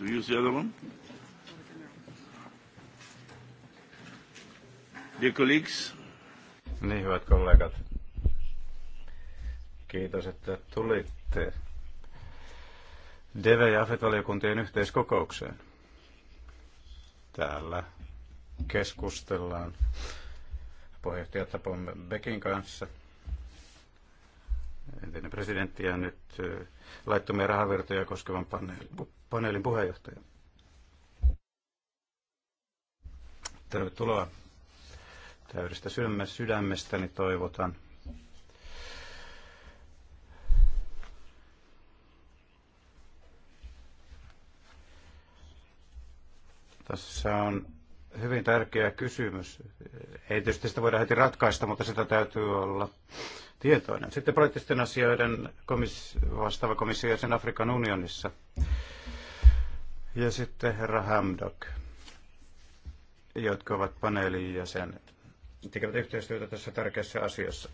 you use the other one? Dear colleagues. Niin, hyvät kollegat. Kiitos, että tulitte DEVE- ja AFET-valiokuntien yhteiskokoukseen. Täällä keskustellaan puheenjohtaja Tapon Bekin kanssa – entinen presidentti ja nyt laittomia rahavirtoja koskevan paneelin puheenjohtaja. Tervetuloa täydestä sydämestäni niin toivotan. Tässä on hyvin tärkeä kysymys. Ei tietysti sitä voida heti ratkaista, mutta sitä täytyy olla tietoinen. Sitten poliittisten asioiden komis- vastaava komissio sen Afrikan unionissa. Ja sitten herra Hamdok, jotka ovat paneelin jäsenet, tekevät yhteistyötä tässä tärkeässä asiassa.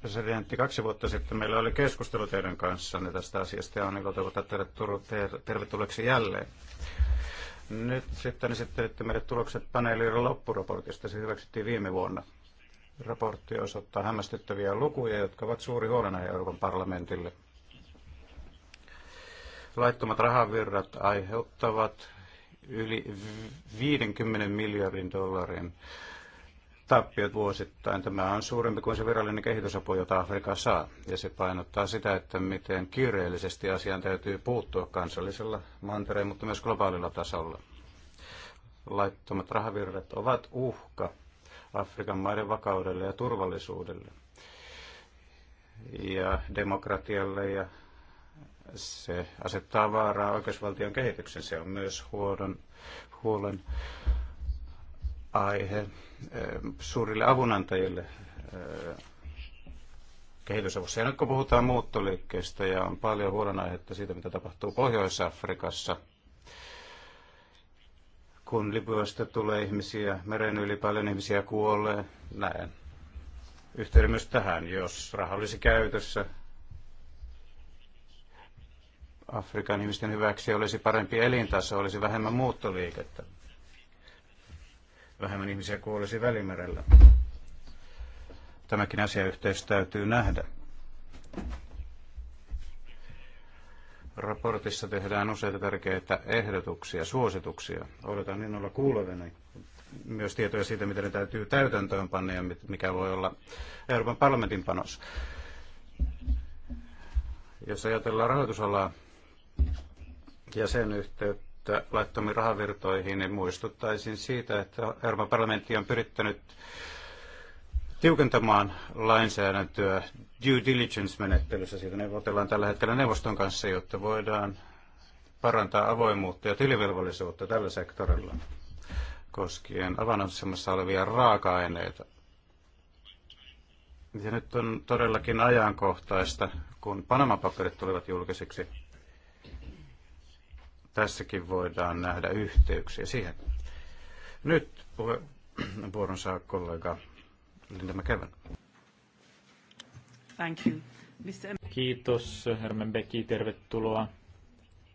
Presidentti, kaksi vuotta sitten meillä oli keskustelu teidän kanssanne tästä asiasta ja on ilo toivottaa teidät tervetulleeksi jälleen. Nyt sitten esittelitte meille tulokset paneelin loppuraportista. Se hyväksyttiin viime vuonna. Raportti osoittaa hämmästyttäviä lukuja, jotka ovat suuri huolena Euroopan parlamentille. Laittomat rahavirrat aiheuttavat yli 50 miljardin dollarin tappiot vuosittain. Tämä on suurempi kuin se virallinen kehitysapu, jota Afrikka saa. Ja se painottaa sitä, että miten kiireellisesti asiaan täytyy puuttua kansallisella mantereen, mutta myös globaalilla tasolla. Laittomat rahavirrat ovat uhka Afrikan maiden vakaudelle ja turvallisuudelle ja demokratialle ja se asettaa vaaraa oikeusvaltion kehityksen. Se on myös huolen, huolen aihe suurille avunantajille kehitysavussa. Ja nyt kun puhutaan muuttoliikkeestä ja on paljon huolenaihetta siitä, mitä tapahtuu Pohjois-Afrikassa, kun Libyasta tulee ihmisiä, meren yli paljon ihmisiä kuolee, näin. Yhteyden myös tähän, jos raha olisi käytössä, Afrikan ihmisten hyväksi olisi parempi elintaso, olisi vähemmän muuttoliikettä vähemmän ihmisiä kuolisi välimerellä. Tämäkin asiayhteys täytyy nähdä. Raportissa tehdään useita tärkeitä ehdotuksia, suosituksia. Odotan niin olla kuulevina myös tietoja siitä, miten ne täytyy täytäntöönpanna ja mikä voi olla Euroopan parlamentin panos. Jos ajatellaan rahoitusalaa ja sen yhteyttä, yhteyttä laittomiin rahavirtoihin, niin muistuttaisin siitä, että Euroopan parlamentti on pyrittänyt tiukentamaan lainsäädäntöä due diligence-menettelyssä. Siitä neuvotellaan tällä hetkellä neuvoston kanssa, jotta voidaan parantaa avoimuutta ja tilivelvollisuutta tällä sektorilla koskien avannusemassa olevia raaka-aineita. Ja nyt on todellakin ajankohtaista, kun Panama-paperit tulivat julkisiksi Tässäkin voidaan nähdä yhteyksiä siihen. Nyt vuoron saa kollega Linda McEwen. Thank you. Mr. Kiitos Hermen Becki, tervetuloa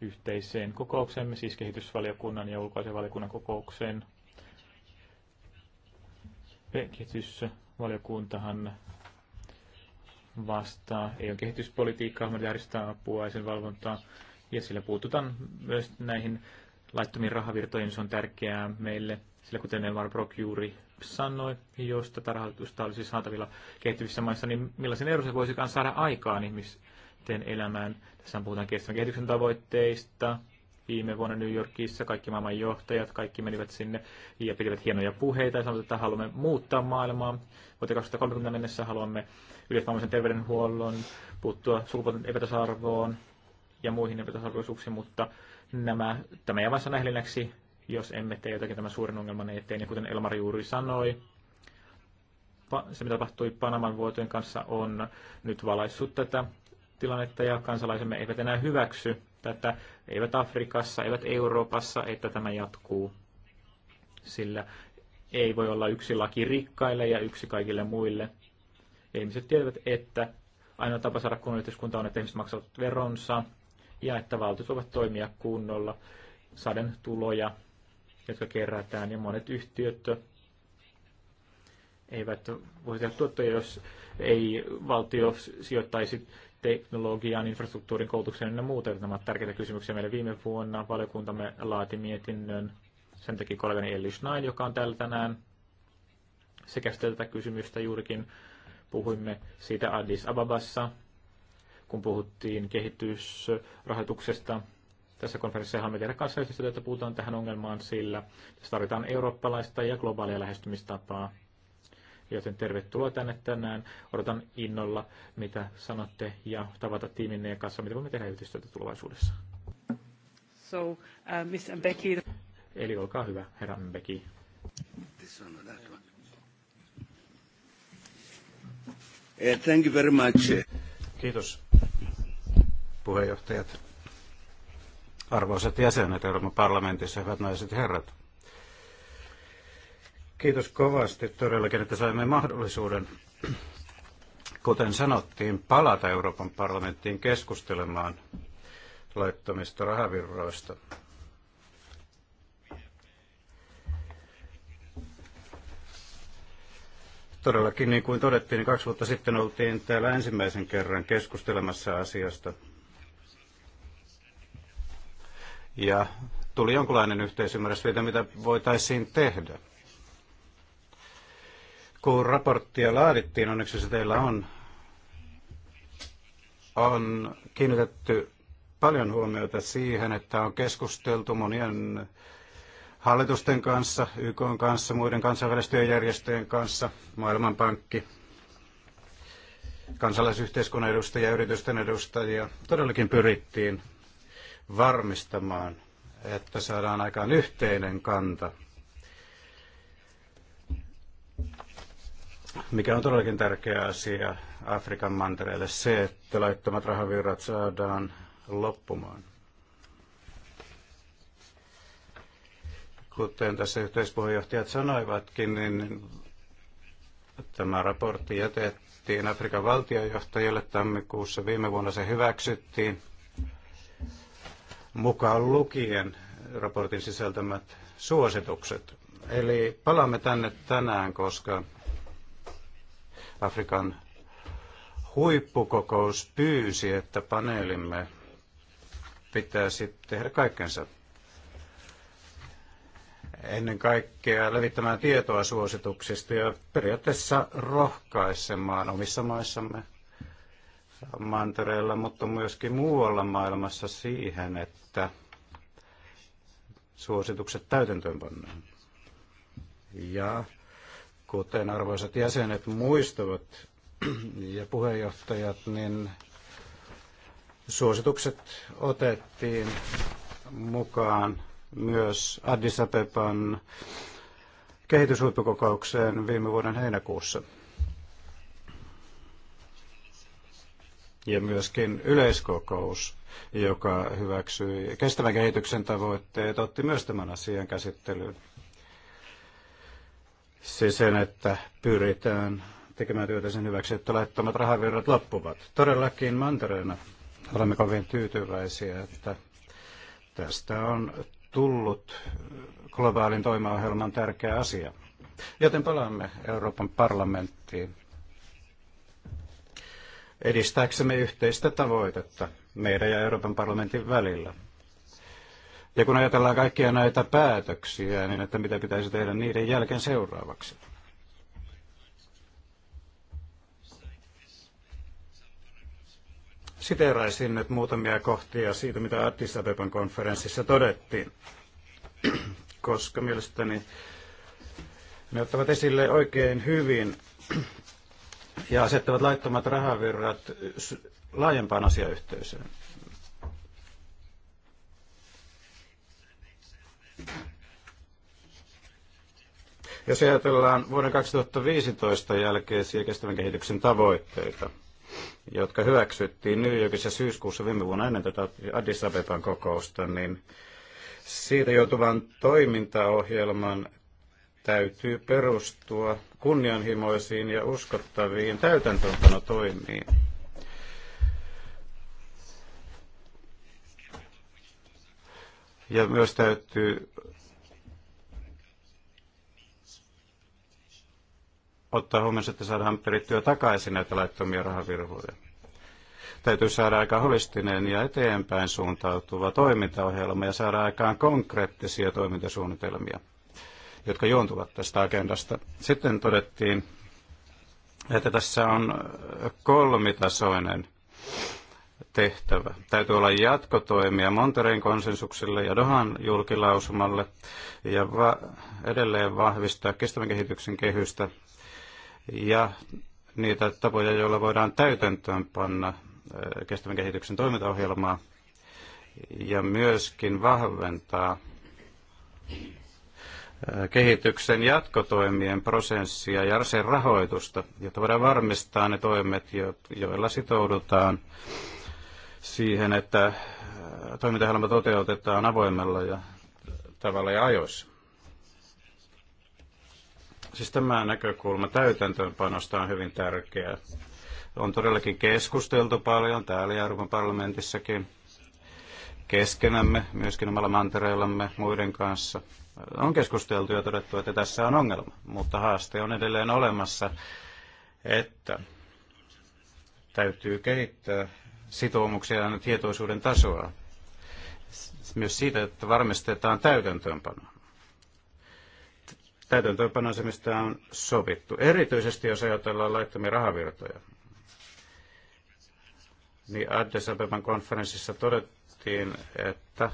yhteiseen kokoukseemme, siis kehitysvaliokunnan ja ulkoasevaliokunnan kokoukseen. Kehitysvaliokuntahan vastaa ole kehityspolitiikkaa, järjestää apua ja sen valvontaa ja sillä puututaan myös näihin laittomiin rahavirtoihin. Se on tärkeää meille, sillä kuten Elmar Brock juuri sanoi, jos tätä rahoitusta olisi saatavilla kehittyvissä maissa, niin millaisen eron se voisikaan saada aikaan ihmisten elämään. Tässä puhutaan kestävän kehityksen tavoitteista. Viime vuonna New Yorkissa kaikki maailman johtajat, kaikki menivät sinne ja pitivät hienoja puheita ja sanoivat, että haluamme muuttaa maailmaa. Vuoteen 2030 mennessä haluamme yleismaailmallisen terveydenhuollon, puuttua sukupuolten epätasa-arvoon, ja muihin epätasarvoisuuksiin, mutta nämä, tämä ei vain sanahelinäksi, jos emme tee jotakin tämän suuren ongelman eteen. niin kuten Elmar juuri sanoi, se mitä tapahtui Panaman vuotojen kanssa on nyt valaissut tätä tilannetta ja kansalaisemme eivät enää hyväksy tätä, eivät Afrikassa, eivät Euroopassa, että tämä jatkuu. Sillä ei voi olla yksi laki rikkaille ja yksi kaikille muille. Ihmiset tietävät, että ainoa tapa saada kunnon yhteiskunta on, että ihmiset maksavat veronsa ja että valtiot voivat toimia kunnolla saden tuloja, jotka kerätään ja monet yhtiöt eivät voi tehdä tuottoja, jos ei valtio sijoittaisi teknologiaan, infrastruktuurin, koulutukseen ja muuta. Nämä ovat tärkeitä kysymyksiä meille viime vuonna. Valiokuntamme laati mietinnön. Sen teki kollegani Elli Schnein, joka on täällä tänään. Sekä tätä kysymystä juurikin. Puhuimme siitä Addis Ababassa kun puhuttiin kehitysrahoituksesta. Tässä konferenssissa me tehdä kansainvälistä että puhutaan tähän ongelmaan sillä. Tässä tarvitaan eurooppalaista ja globaalia lähestymistapaa. Joten tervetuloa tänne tänään. Odotan innolla, mitä sanotte ja tavata tiiminne ja kanssa, mitä voimme tehdä yhteistyötä tulevaisuudessa. So, uh, Miss Mbeki. Eli olkaa hyvä, herra Mbeki. This eh, one, that one. Thank you very much. Kiitos puheenjohtajat, arvoisat jäsenet Euroopan parlamentissa, hyvät naiset ja herrat. Kiitos kovasti todellakin, että saimme mahdollisuuden, kuten sanottiin, palata Euroopan parlamenttiin keskustelemaan laittomista rahavirroista. Todellakin, niin kuin todettiin, niin kaksi vuotta sitten oltiin täällä ensimmäisen kerran keskustelemassa asiasta – ja tuli jonkinlainen yhteisymmärrys siitä, mitä voitaisiin tehdä. Kun raporttia laadittiin, onneksi se teillä on, on kiinnitetty paljon huomiota siihen, että on keskusteltu monien hallitusten kanssa, YK kanssa, muiden järjestöjen kanssa, Maailmanpankki, kansalaisyhteiskunnan edustajia, yritysten edustajia. Todellakin pyrittiin varmistamaan, että saadaan aikaan yhteinen kanta, mikä on todellakin tärkeä asia Afrikan mantereelle, se, että laittomat rahavirrat saadaan loppumaan. Kuten tässä yhteispuheenjohtajat sanoivatkin, niin tämä raportti jätettiin Afrikan valtiojohtajille tammikuussa. Viime vuonna se hyväksyttiin mukaan lukien raportin sisältämät suositukset. Eli palaamme tänne tänään, koska Afrikan huippukokous pyysi, että paneelimme pitäisi tehdä kaikkensa ennen kaikkea levittämään tietoa suosituksista ja periaatteessa rohkaisemaan omissa maissamme mantereella, mutta myöskin muualla maailmassa siihen, että suositukset täytäntöönpannaan. Ja kuten arvoisat jäsenet muistavat ja puheenjohtajat, niin suositukset otettiin mukaan myös Addis Abeban kehityshuippukokoukseen viime vuoden heinäkuussa. ja myöskin yleiskokous, joka hyväksyi kestävän kehityksen tavoitteet, otti myös tämän asian käsittelyyn. Siis sen, että pyritään tekemään työtä sen hyväksi, että laittomat rahavirrat loppuvat. Todellakin mantereena olemme kovin tyytyväisiä, että tästä on tullut globaalin toimaohjelman tärkeä asia. Joten palaamme Euroopan parlamenttiin edistääksemme yhteistä tavoitetta meidän ja Euroopan parlamentin välillä. Ja kun ajatellaan kaikkia näitä päätöksiä, niin että mitä pitäisi tehdä niiden jälkeen seuraavaksi. Siteeraisin nyt muutamia kohtia siitä, mitä Addis Abeban konferenssissa todettiin, koska mielestäni ne ottavat esille oikein hyvin ja asettavat laittomat rahavirrat laajempaan asiayhteisöön. Jos ajatellaan vuoden 2015 jälkeisiä kestävän kehityksen tavoitteita, jotka hyväksyttiin New Yorkissa syyskuussa viime vuonna ennen tätä Addis Abeban kokousta, niin siitä joutuvan toimintaohjelman täytyy perustua kunnianhimoisiin ja uskottaviin täytäntöönpanotoimiin. Ja myös täytyy ottaa huomioon, että saadaan perittyä takaisin näitä laittomia rahavirvoja. Täytyy saada aika holistinen ja eteenpäin suuntautuva toimintaohjelma ja saada aikaan konkreettisia toimintasuunnitelmia jotka juontuvat tästä agendasta. Sitten todettiin, että tässä on kolmitasoinen tehtävä. Täytyy olla jatkotoimia Montereen konsensukselle ja Dohan julkilausumalle ja va- edelleen vahvistaa kestävän kehityksen kehystä ja niitä tapoja, joilla voidaan täytäntöön panna kestävän kehityksen toimintaohjelmaa ja myöskin vahventaa kehityksen jatkotoimien prosessia ja sen rahoitusta, jotta voidaan varmistaa ne toimet, joilla sitoudutaan siihen, että äh, toimintaohjelma toteutetaan avoimella ja tavalla ja ajoissa. Siis tämä näkökulma täytäntöönpanosta on hyvin tärkeä. On todellakin keskusteltu paljon täällä Euroopan parlamentissakin keskenämme, myöskin omalla mantereillamme muiden kanssa – on keskusteltu ja todettu, että tässä on ongelma, mutta haaste on edelleen olemassa, että täytyy kehittää sitoumuksia ja tietoisuuden tasoa myös siitä, että varmistetaan täytäntöönpanoa. Täytäntöönpano on se, mistä on sovittu. Erityisesti jos ajatellaan laittomia rahavirtoja. Niin Addis Abeban konferenssissa todettu, todettiin, että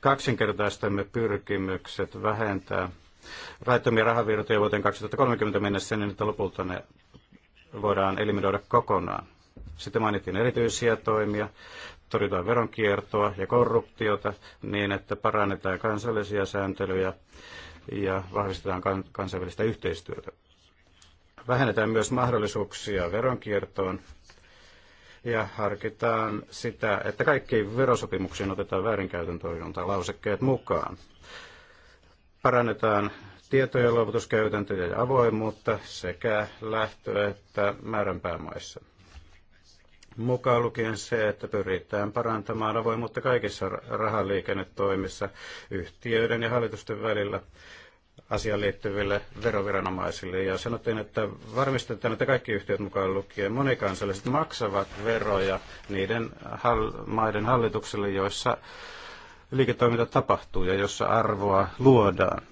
kaksinkertaistamme pyrkimykset vähentää raittomia rahavirtoja vuoteen 2030 mennessä niin, että lopulta ne voidaan eliminoida kokonaan. Sitten mainittiin erityisiä toimia, torjutaan veronkiertoa ja korruptiota niin, että parannetaan kansallisia sääntelyjä ja vahvistetaan kansainvälistä yhteistyötä. Vähennetään myös mahdollisuuksia veronkiertoon ja harkitaan sitä, että kaikki verosopimuksiin otetaan väärinkäytön lausekkeet mukaan. Parannetaan tietojen luovutuskäytäntöjä ja avoimuutta sekä lähtö- että määränpäämaissa. Mukaan lukien se, että pyritään parantamaan avoimuutta kaikissa rahaliikennetoimissa yhtiöiden ja hallitusten välillä asiaan liittyville veroviranomaisille. Ja sanottiin, että varmistetaan, että kaikki yhtiöt mukaan lukien monikansalliset maksavat veroja niiden hall- maiden hallituksille, joissa liiketoiminta tapahtuu ja jossa arvoa luodaan.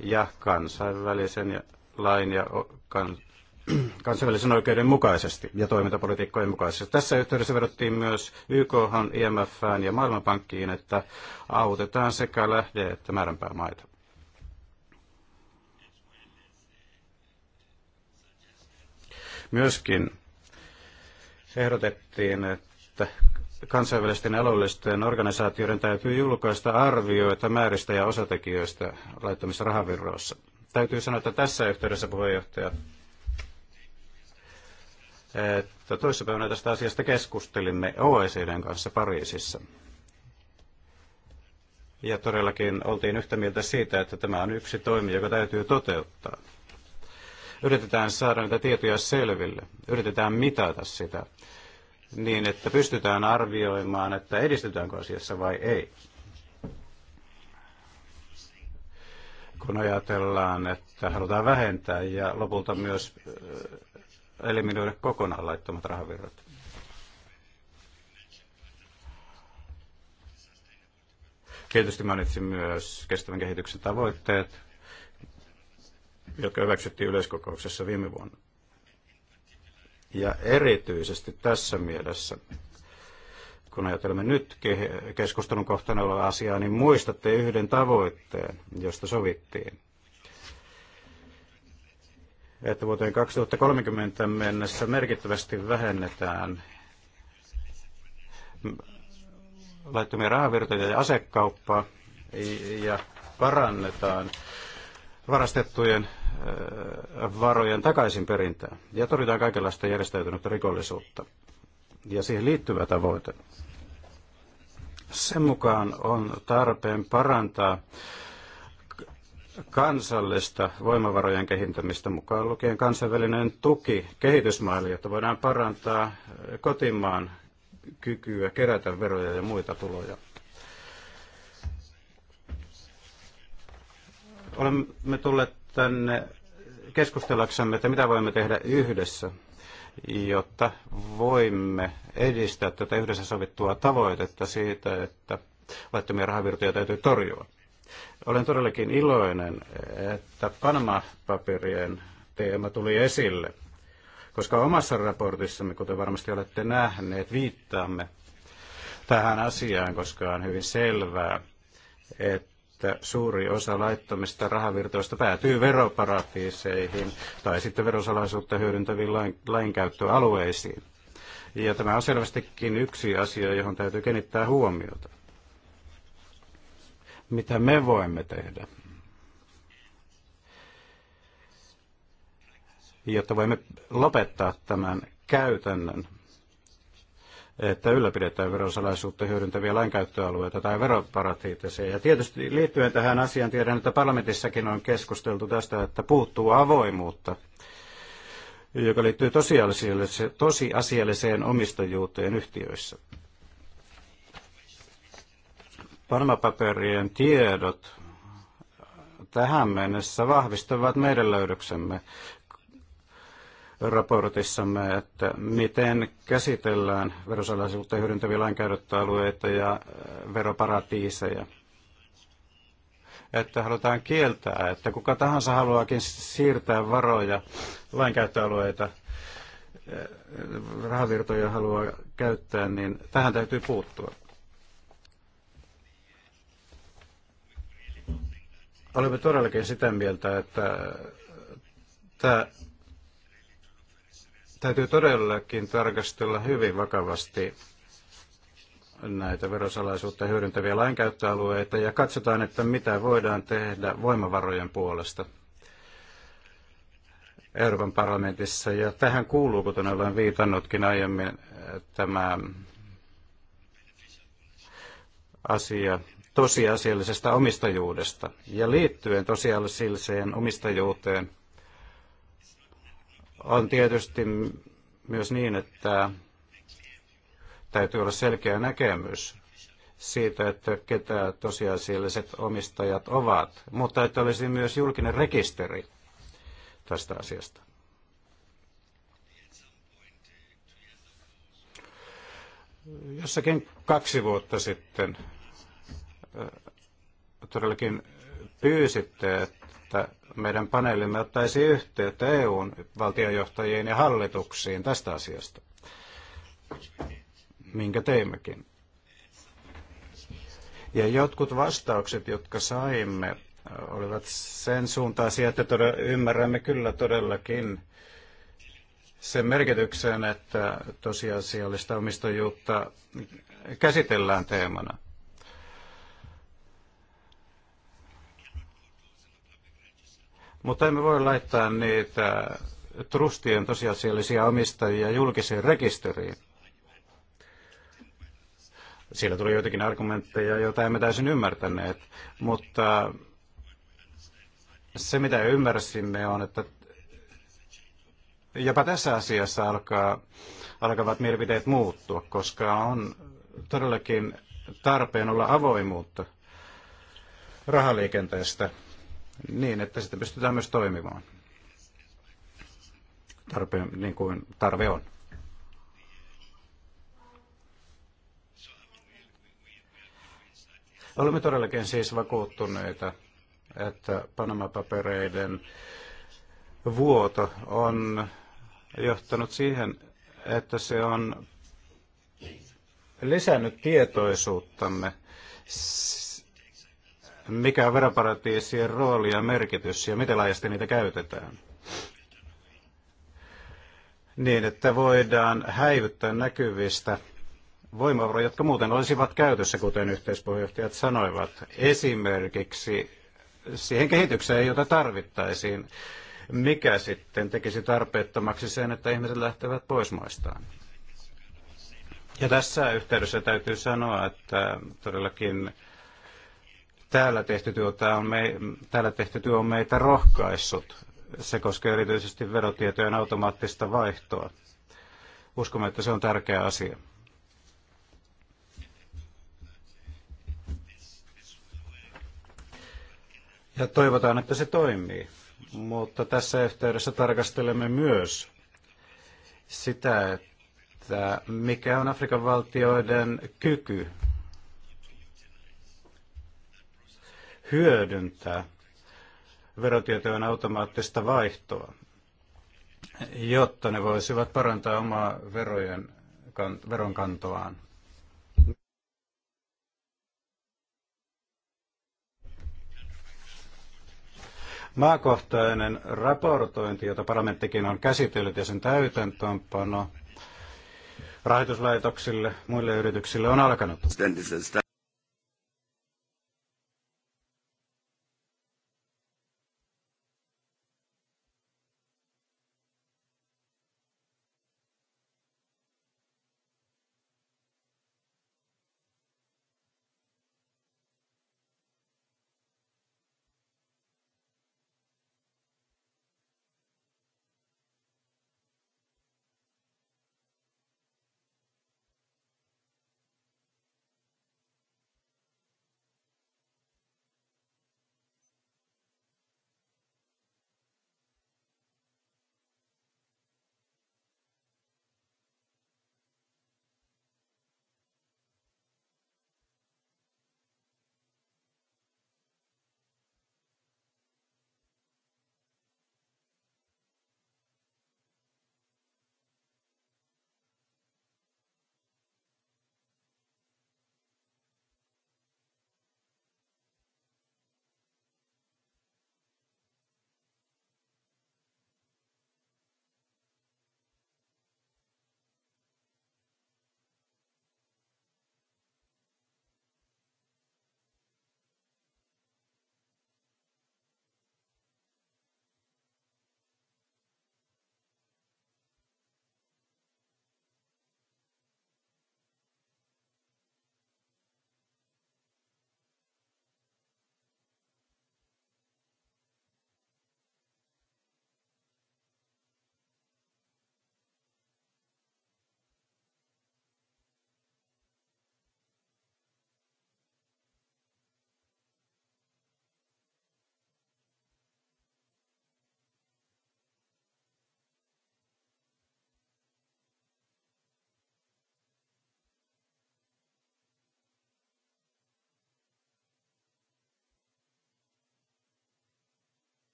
Ja kansainvälisen lain ja kan- kansainvälisen oikeuden mukaisesti ja toimintapolitiikkojen mukaisesti. Tässä yhteydessä vedottiin myös YK, IMF ja Maailmanpankkiin, että autetaan sekä lähde- että määränpäämaita. Myöskin ehdotettiin, että kansainvälisten alueellisten organisaatioiden täytyy julkaista arvioita määristä ja osatekijöistä laittomissa rahavirroissa. Täytyy sanoa, että tässä yhteydessä puheenjohtaja, että toissapäivänä tästä asiasta keskustelimme OECDn kanssa Pariisissa. Ja todellakin oltiin yhtä mieltä siitä, että tämä on yksi toimi, joka täytyy toteuttaa yritetään saada niitä tietoja selville, yritetään mitata sitä niin, että pystytään arvioimaan, että edistytäänkö asiassa vai ei. Kun ajatellaan, että halutaan vähentää ja lopulta myös äh, eliminoida kokonaan laittomat rahavirrat. Tietysti mainitsin myös kestävän kehityksen tavoitteet, jotka hyväksyttiin yleiskokouksessa viime vuonna. Ja erityisesti tässä mielessä, kun ajatelemme nyt keskustelun kohtana olevaa asiaa, niin muistatte yhden tavoitteen, josta sovittiin. Että vuoteen 2030 mennessä merkittävästi vähennetään laittomia rahavirtoja ja asekauppaa ja parannetaan varastettujen äh, varojen takaisinperintää ja torjutaan kaikenlaista järjestäytynyttä rikollisuutta. Ja siihen liittyvä tavoite. Sen mukaan on tarpeen parantaa kansallista voimavarojen kehittämistä mukaan lukien kansainvälinen tuki kehitysmaille, jotta voidaan parantaa kotimaan kykyä kerätä veroja ja muita tuloja. Olemme tulleet tänne keskustellaksemme, että mitä voimme tehdä yhdessä, jotta voimme edistää tätä yhdessä sovittua tavoitetta siitä, että laittomia rahavirtoja täytyy torjua. Olen todellakin iloinen, että Panama-paperien teema tuli esille, koska omassa raportissamme, kuten varmasti olette nähneet, viittaamme tähän asiaan, koska on hyvin selvää, että että suuri osa laittomista rahavirtoista päätyy veroparatiiseihin tai sitten verosalaisuutta hyödyntäviin lain, lainkäyttöalueisiin. Ja tämä on selvästikin yksi asia, johon täytyy kenittää huomiota. Mitä me voimme tehdä? Jotta voimme lopettaa tämän käytännön että ylläpidetään verosalaisuutta hyödyntäviä lainkäyttöalueita tai veroparatiiteja. Ja tietysti liittyen tähän asiaan tiedän, että parlamentissakin on keskusteltu tästä, että puuttuu avoimuutta joka liittyy tosiasialliseen, tosiasialliseen omistajuuteen yhtiöissä. Panamapaperien tiedot tähän mennessä vahvistavat meidän löydöksemme raportissamme, että miten käsitellään verosalaisuutta hyödyntäviä lainkäyttöalueita ja äh, veroparatiiseja. Että halutaan kieltää, että kuka tahansa haluaakin siirtää varoja lainkäyttöalueita, äh, rahavirtoja haluaa käyttää, niin tähän täytyy puuttua. Olemme todellakin sitä mieltä, että äh, tämä Täytyy todellakin tarkastella hyvin vakavasti näitä verosalaisuutta hyödyntäviä lainkäyttöalueita ja katsotaan, että mitä voidaan tehdä voimavarojen puolesta Euroopan parlamentissa. Ja tähän kuuluu, kuten olen viitannutkin aiemmin, tämä asia tosiasiallisesta omistajuudesta. Ja liittyen tosiasialliseen omistajuuteen – on tietysti myös niin, että täytyy olla selkeä näkemys siitä, että ketä tosiasialliset omistajat ovat, mutta että olisi myös julkinen rekisteri tästä asiasta. Jossakin kaksi vuotta sitten äh, todellakin pyysitte, että meidän paneelimme ottaisi yhteyttä EUn valtiojohtajiin ja hallituksiin tästä asiasta, minkä teimmekin. Ja jotkut vastaukset, jotka saimme, olivat sen suuntaisia, että todella, ymmärrämme kyllä todellakin sen merkityksen, että tosiasiallista omistajuutta käsitellään teemana – Mutta emme voi laittaa niitä trustien tosiasiallisia omistajia julkiseen rekisteriin. Siellä tuli joitakin argumentteja, joita emme täysin ymmärtäneet, mutta se mitä ymmärsimme on, että jopa tässä asiassa alkaa, alkavat mielipiteet muuttua, koska on todellakin tarpeen olla avoimuutta rahaliikenteestä niin, että sitten pystytään myös toimimaan tarpeen, niin kuin tarve on. Olemme todellakin siis vakuuttuneita, että Panama-papereiden vuoto on johtanut siihen, että se on lisännyt tietoisuuttamme mikä on veroparatiisien rooli ja merkitys ja miten laajasti niitä käytetään. Niin, että voidaan häivyttää näkyvistä voimavaroja, jotka muuten olisivat käytössä, kuten yhteispuheenjohtajat sanoivat. Esimerkiksi siihen kehitykseen, jota tarvittaisiin, mikä sitten tekisi tarpeettomaksi sen, että ihmiset lähtevät pois maistaan. Ja tässä yhteydessä täytyy sanoa, että todellakin Täällä tehty, työ, on me, täällä tehty työ on meitä rohkaissut. Se koskee erityisesti verotietojen automaattista vaihtoa. Uskomme, että se on tärkeä asia. Ja toivotaan, että se toimii. Mutta tässä yhteydessä tarkastelemme myös sitä, että mikä on Afrikan valtioiden kyky hyödyntää verotietojen automaattista vaihtoa, jotta ne voisivat parantaa omaa verojen, veronkantoaan. Maakohtainen raportointi, jota parlamenttikin on käsitellyt ja sen täytäntöönpano rahoituslaitoksille, muille yrityksille on alkanut.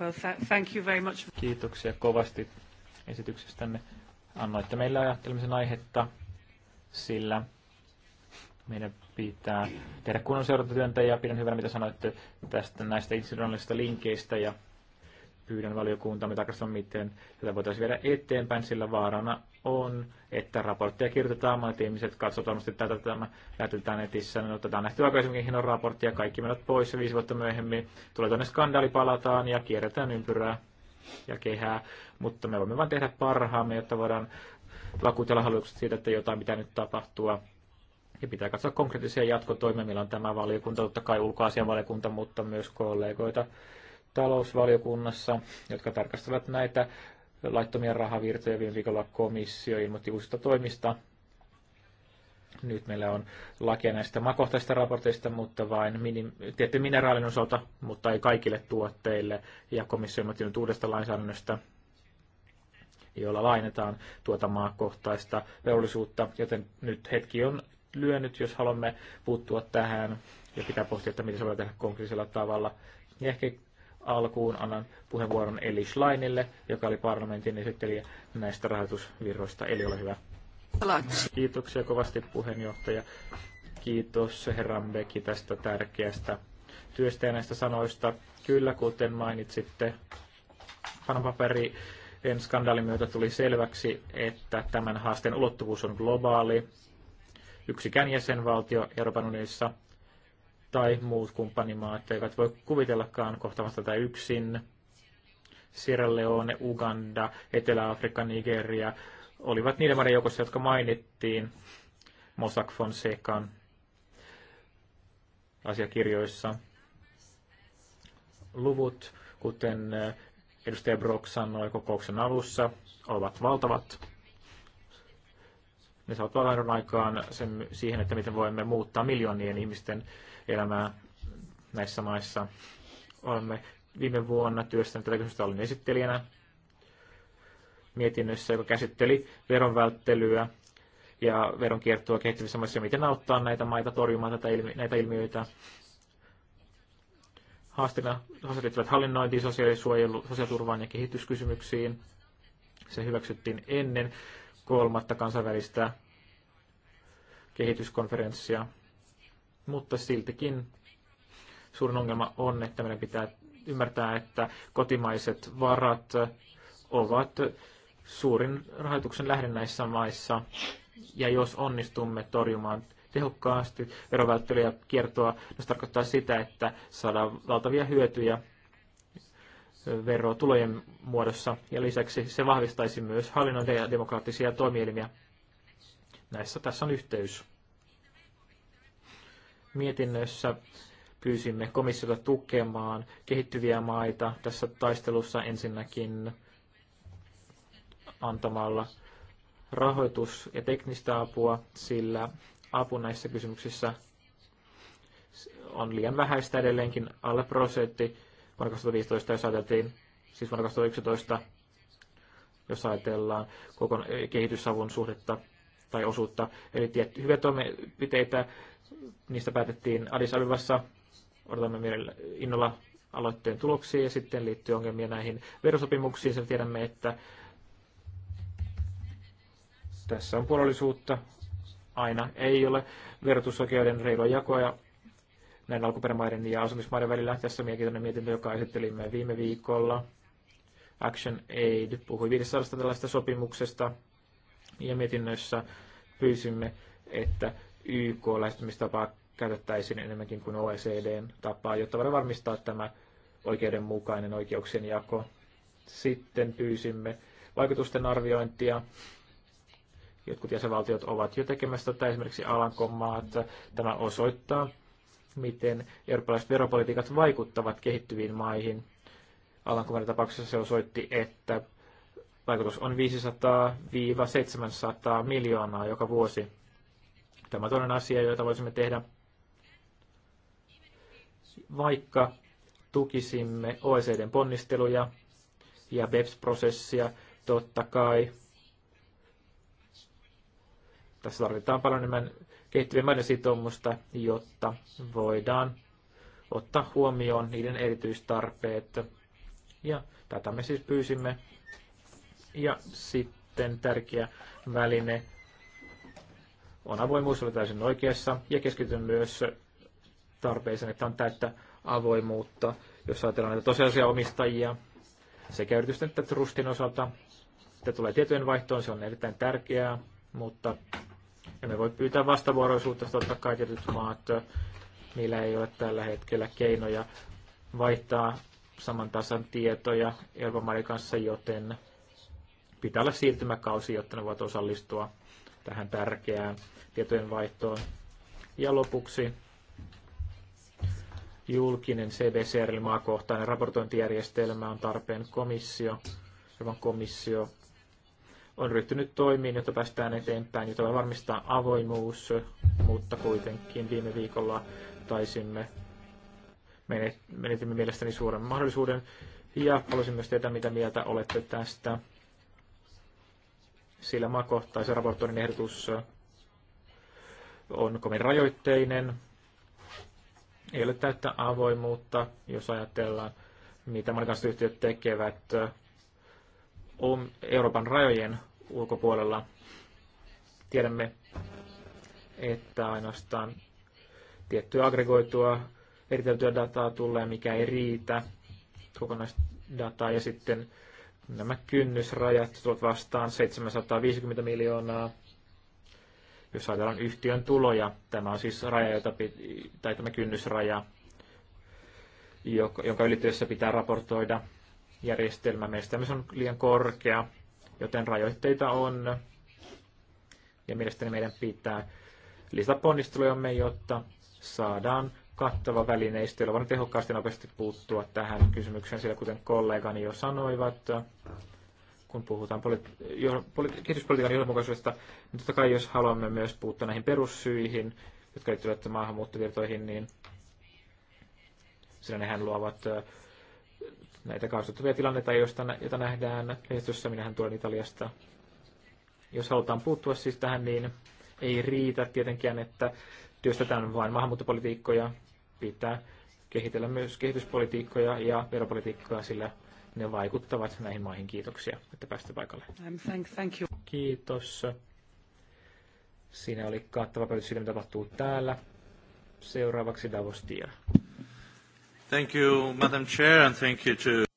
Well, thank you very much. Kiitoksia kovasti esityksestänne. Annoitte meille ajattelemisen aihetta, sillä meidän pitää tehdä kunnon seurantatyöntä ja pidän hyvänä, mitä sanoitte tästä näistä institutionaalisista linkeistä ja pyydän valiokuntamme tarkastamaan, miten tätä voitaisiin viedä eteenpäin, sillä vaarana on, että raportteja kirjoitetaan monet ihmiset, katsotaan, että tätä tämä lähtetään netissä, no niin on nähty aikaisemminkin hieno raportti ja kaikki menot pois ja viisi vuotta myöhemmin tulee tuonne skandaali, palataan ja kierretään ympyrää ja kehää, mutta me voimme vain tehdä parhaamme, jotta voidaan vakuutella hallitukset siitä, että jotain pitää nyt tapahtua. Ja pitää katsoa konkreettisia jatkotoimia, millä on tämä valiokunta, totta kai ulkoasianvaliokunta, mutta myös kollegoita talousvaliokunnassa, jotka tarkastavat näitä laittomia rahavirtoja. Viime viikolla komissio ilmoitti uusista toimista. Nyt meillä on lakia näistä makohtaisista raporteista, mutta vain minim, tietty mineraalin osalta, mutta ei kaikille tuotteille. Ja komissio ilmoitti nyt uudesta lainsäädännöstä, jolla lainetaan tuota maakohtaista velvollisuutta, joten nyt hetki on lyönyt, jos haluamme puuttua tähän ja pitää pohtia, että miten se voi tehdä konkreettisella tavalla. Ja ehkä alkuun annan puheenvuoron Eli Schleinille, joka oli parlamentin esittelijä näistä rahoitusvirroista. Eli ole hyvä. Kiitoksia kovasti puheenjohtaja. Kiitos herra Beki tästä tärkeästä työstä ja näistä sanoista. Kyllä, kuten mainitsitte, panopaperi en skandaalin myötä tuli selväksi, että tämän haasteen ulottuvuus on globaali. Yksikään jäsenvaltio Euroopan unionissa tai muut kumppanimaat eivät voi kuvitellakaan kohtaamasta tätä yksin. Sierra Leone, Uganda, Etelä-Afrikka, Nigeria olivat niiden maiden joukossa, jotka mainittiin Mossack Fonsecan asiakirjoissa. Luvut, kuten edustaja Brock sanoi kokouksen alussa, ovat valtavat. Ne saavat paljon aikaan sen, siihen, että miten voimme muuttaa miljoonien ihmisten elämää näissä maissa. Olemme viime vuonna työstäneet tätä kysymystä olin esittelijänä mietinnössä, joka käsitteli veronvälttelyä ja veronkiertoa kehittyvissä maissa, miten auttaa näitä maita torjumaan tätä ilmi- näitä ilmiöitä. Haasteena haasteet liittyvät hallinnointiin, sosiaalisuojelu, sosiaaliturvaan ja kehityskysymyksiin. Se hyväksyttiin ennen kolmatta kansainvälistä kehityskonferenssia mutta siltikin suurin ongelma on, että meidän pitää ymmärtää, että kotimaiset varat ovat suurin rahoituksen lähde näissä maissa. Ja jos onnistumme torjumaan tehokkaasti verovälttelyä ja kiertoa, se tarkoittaa sitä, että saadaan valtavia hyötyjä verotulojen muodossa. Ja lisäksi se vahvistaisi myös hallinnon ja demokraattisia toimielimiä. Näissä tässä on yhteys mietinnössä pyysimme komissiota tukemaan kehittyviä maita tässä taistelussa ensinnäkin antamalla rahoitus- ja teknistä apua, sillä apu näissä kysymyksissä on liian vähäistä edelleenkin alle prosentti vuonna 2015, jos ajateltiin, siis vuonna 2011, jos ajatellaan koko kehitysavun suhdetta tai osuutta. Eli tietty, hyviä toimenpiteitä Niistä päätettiin Addis Abebassa. Odotamme mielellä innolla aloitteen tuloksia ja sitten liittyy ongelmia näihin verosopimuksiin. Sen tiedämme, että tässä on puolellisuutta. Aina ei ole verotusoikeuden reilua jakoa ja näin alkuperämaiden ja asumismaiden välillä. Tässä mielenkiintoinen mietintö, joka esittelimme viime viikolla. Action Aid puhui 500 tällaista sopimuksesta ja mietinnössä pyysimme, että YK-lähestymistapaa käytettäisiin enemmänkin kuin OECDn tapaa, jotta voidaan varmistaa tämä oikeudenmukainen oikeuksien jako. Sitten pyysimme vaikutusten arviointia. Jotkut jäsenvaltiot ovat jo tekemässä tätä, esimerkiksi Alankomaat. Tämä osoittaa, miten eurooppalaiset veropolitiikat vaikuttavat kehittyviin maihin. Alankomaiden tapauksessa se osoitti, että vaikutus on 500-700 miljoonaa joka vuosi Tämä on toinen asia, jota voisimme tehdä, vaikka tukisimme OECDn ponnisteluja ja BEPS-prosessia, totta kai. Tässä tarvitaan paljon enemmän kehittyvien maiden sitoumusta, jotta voidaan ottaa huomioon niiden erityistarpeet. Ja tätä me siis pyysimme. Ja sitten tärkeä väline on avoimuus, oli täysin oikeassa, ja keskityn myös tarpeeseen, että on täyttä avoimuutta, jos ajatellaan näitä tosiasia omistajia sekä yritysten että trustin osalta. Tämä tulee tietojen vaihtoon, se on erittäin tärkeää, mutta emme voi pyytää vastavuoroisuutta, totta kai tietyt maat, niillä ei ole tällä hetkellä keinoja vaihtaa saman tasan tietoja Euroopan kanssa, joten pitää olla siirtymäkausi, jotta ne voivat osallistua tähän tärkeään tietojenvaihtoon. Ja lopuksi julkinen CBCR eli maakohtainen raportointijärjestelmä on tarpeen komissio. Euroopan komissio on ryhtynyt toimiin, jotta päästään eteenpäin, jotta voi varmistaa avoimuus, mutta kuitenkin viime viikolla taisimme menetimme mielestäni suuren mahdollisuuden. Ja haluaisin myös tietää, mitä mieltä olette tästä sillä maakohtaisen raportoinnin ehdotus on kovin rajoitteinen. Ei ole täyttä avoimuutta, jos ajatellaan, mitä monikansalliset yhtiöt tekevät um, Euroopan rajojen ulkopuolella. Tiedämme, että ainoastaan tiettyä aggregoitua eriteltyä dataa tulee, mikä ei riitä kokonaisdataa, ja sitten Nämä kynnysrajat tuot vastaan 750 miljoonaa, jos ajatellaan yhtiön tuloja. Tämä on siis raja, jota tai tämä kynnysraja, jonka ylityössä pitää raportoida järjestelmä. meistä. se on liian korkea, joten rajoitteita on. Ja mielestäni meidän pitää lisätä ponnistelujamme, jotta saadaan kattava välineistö, jolla voin tehokkaasti nopeasti puuttua tähän kysymykseen, sillä kuten kollegani jo sanoivat, kun puhutaan kehityspolitiikan johdonmukaisuudesta, niin totta kai jos haluamme myös puuttua näihin perussyihin, jotka liittyvät maahanmuuttovirtoihin, niin sillä nehän luovat näitä kaasuttavia tilanteita, joista, joita nähdään lehdistössä. Minähän tulen Italiasta. Jos halutaan puuttua siis tähän, niin ei riitä tietenkään, että työstetään vain maahanmuuttopolitiikkoja pitää kehitellä myös kehityspolitiikkoja ja veropolitiikkoja, sillä ne vaikuttavat näihin maihin. Kiitoksia, että päästä paikalle. Um, thank, thank you. Kiitos. Siinä oli kattava päätös siitä, mitä tapahtuu täällä. Seuraavaksi Davos Tier. Thank you, Madam Chair, and thank you to...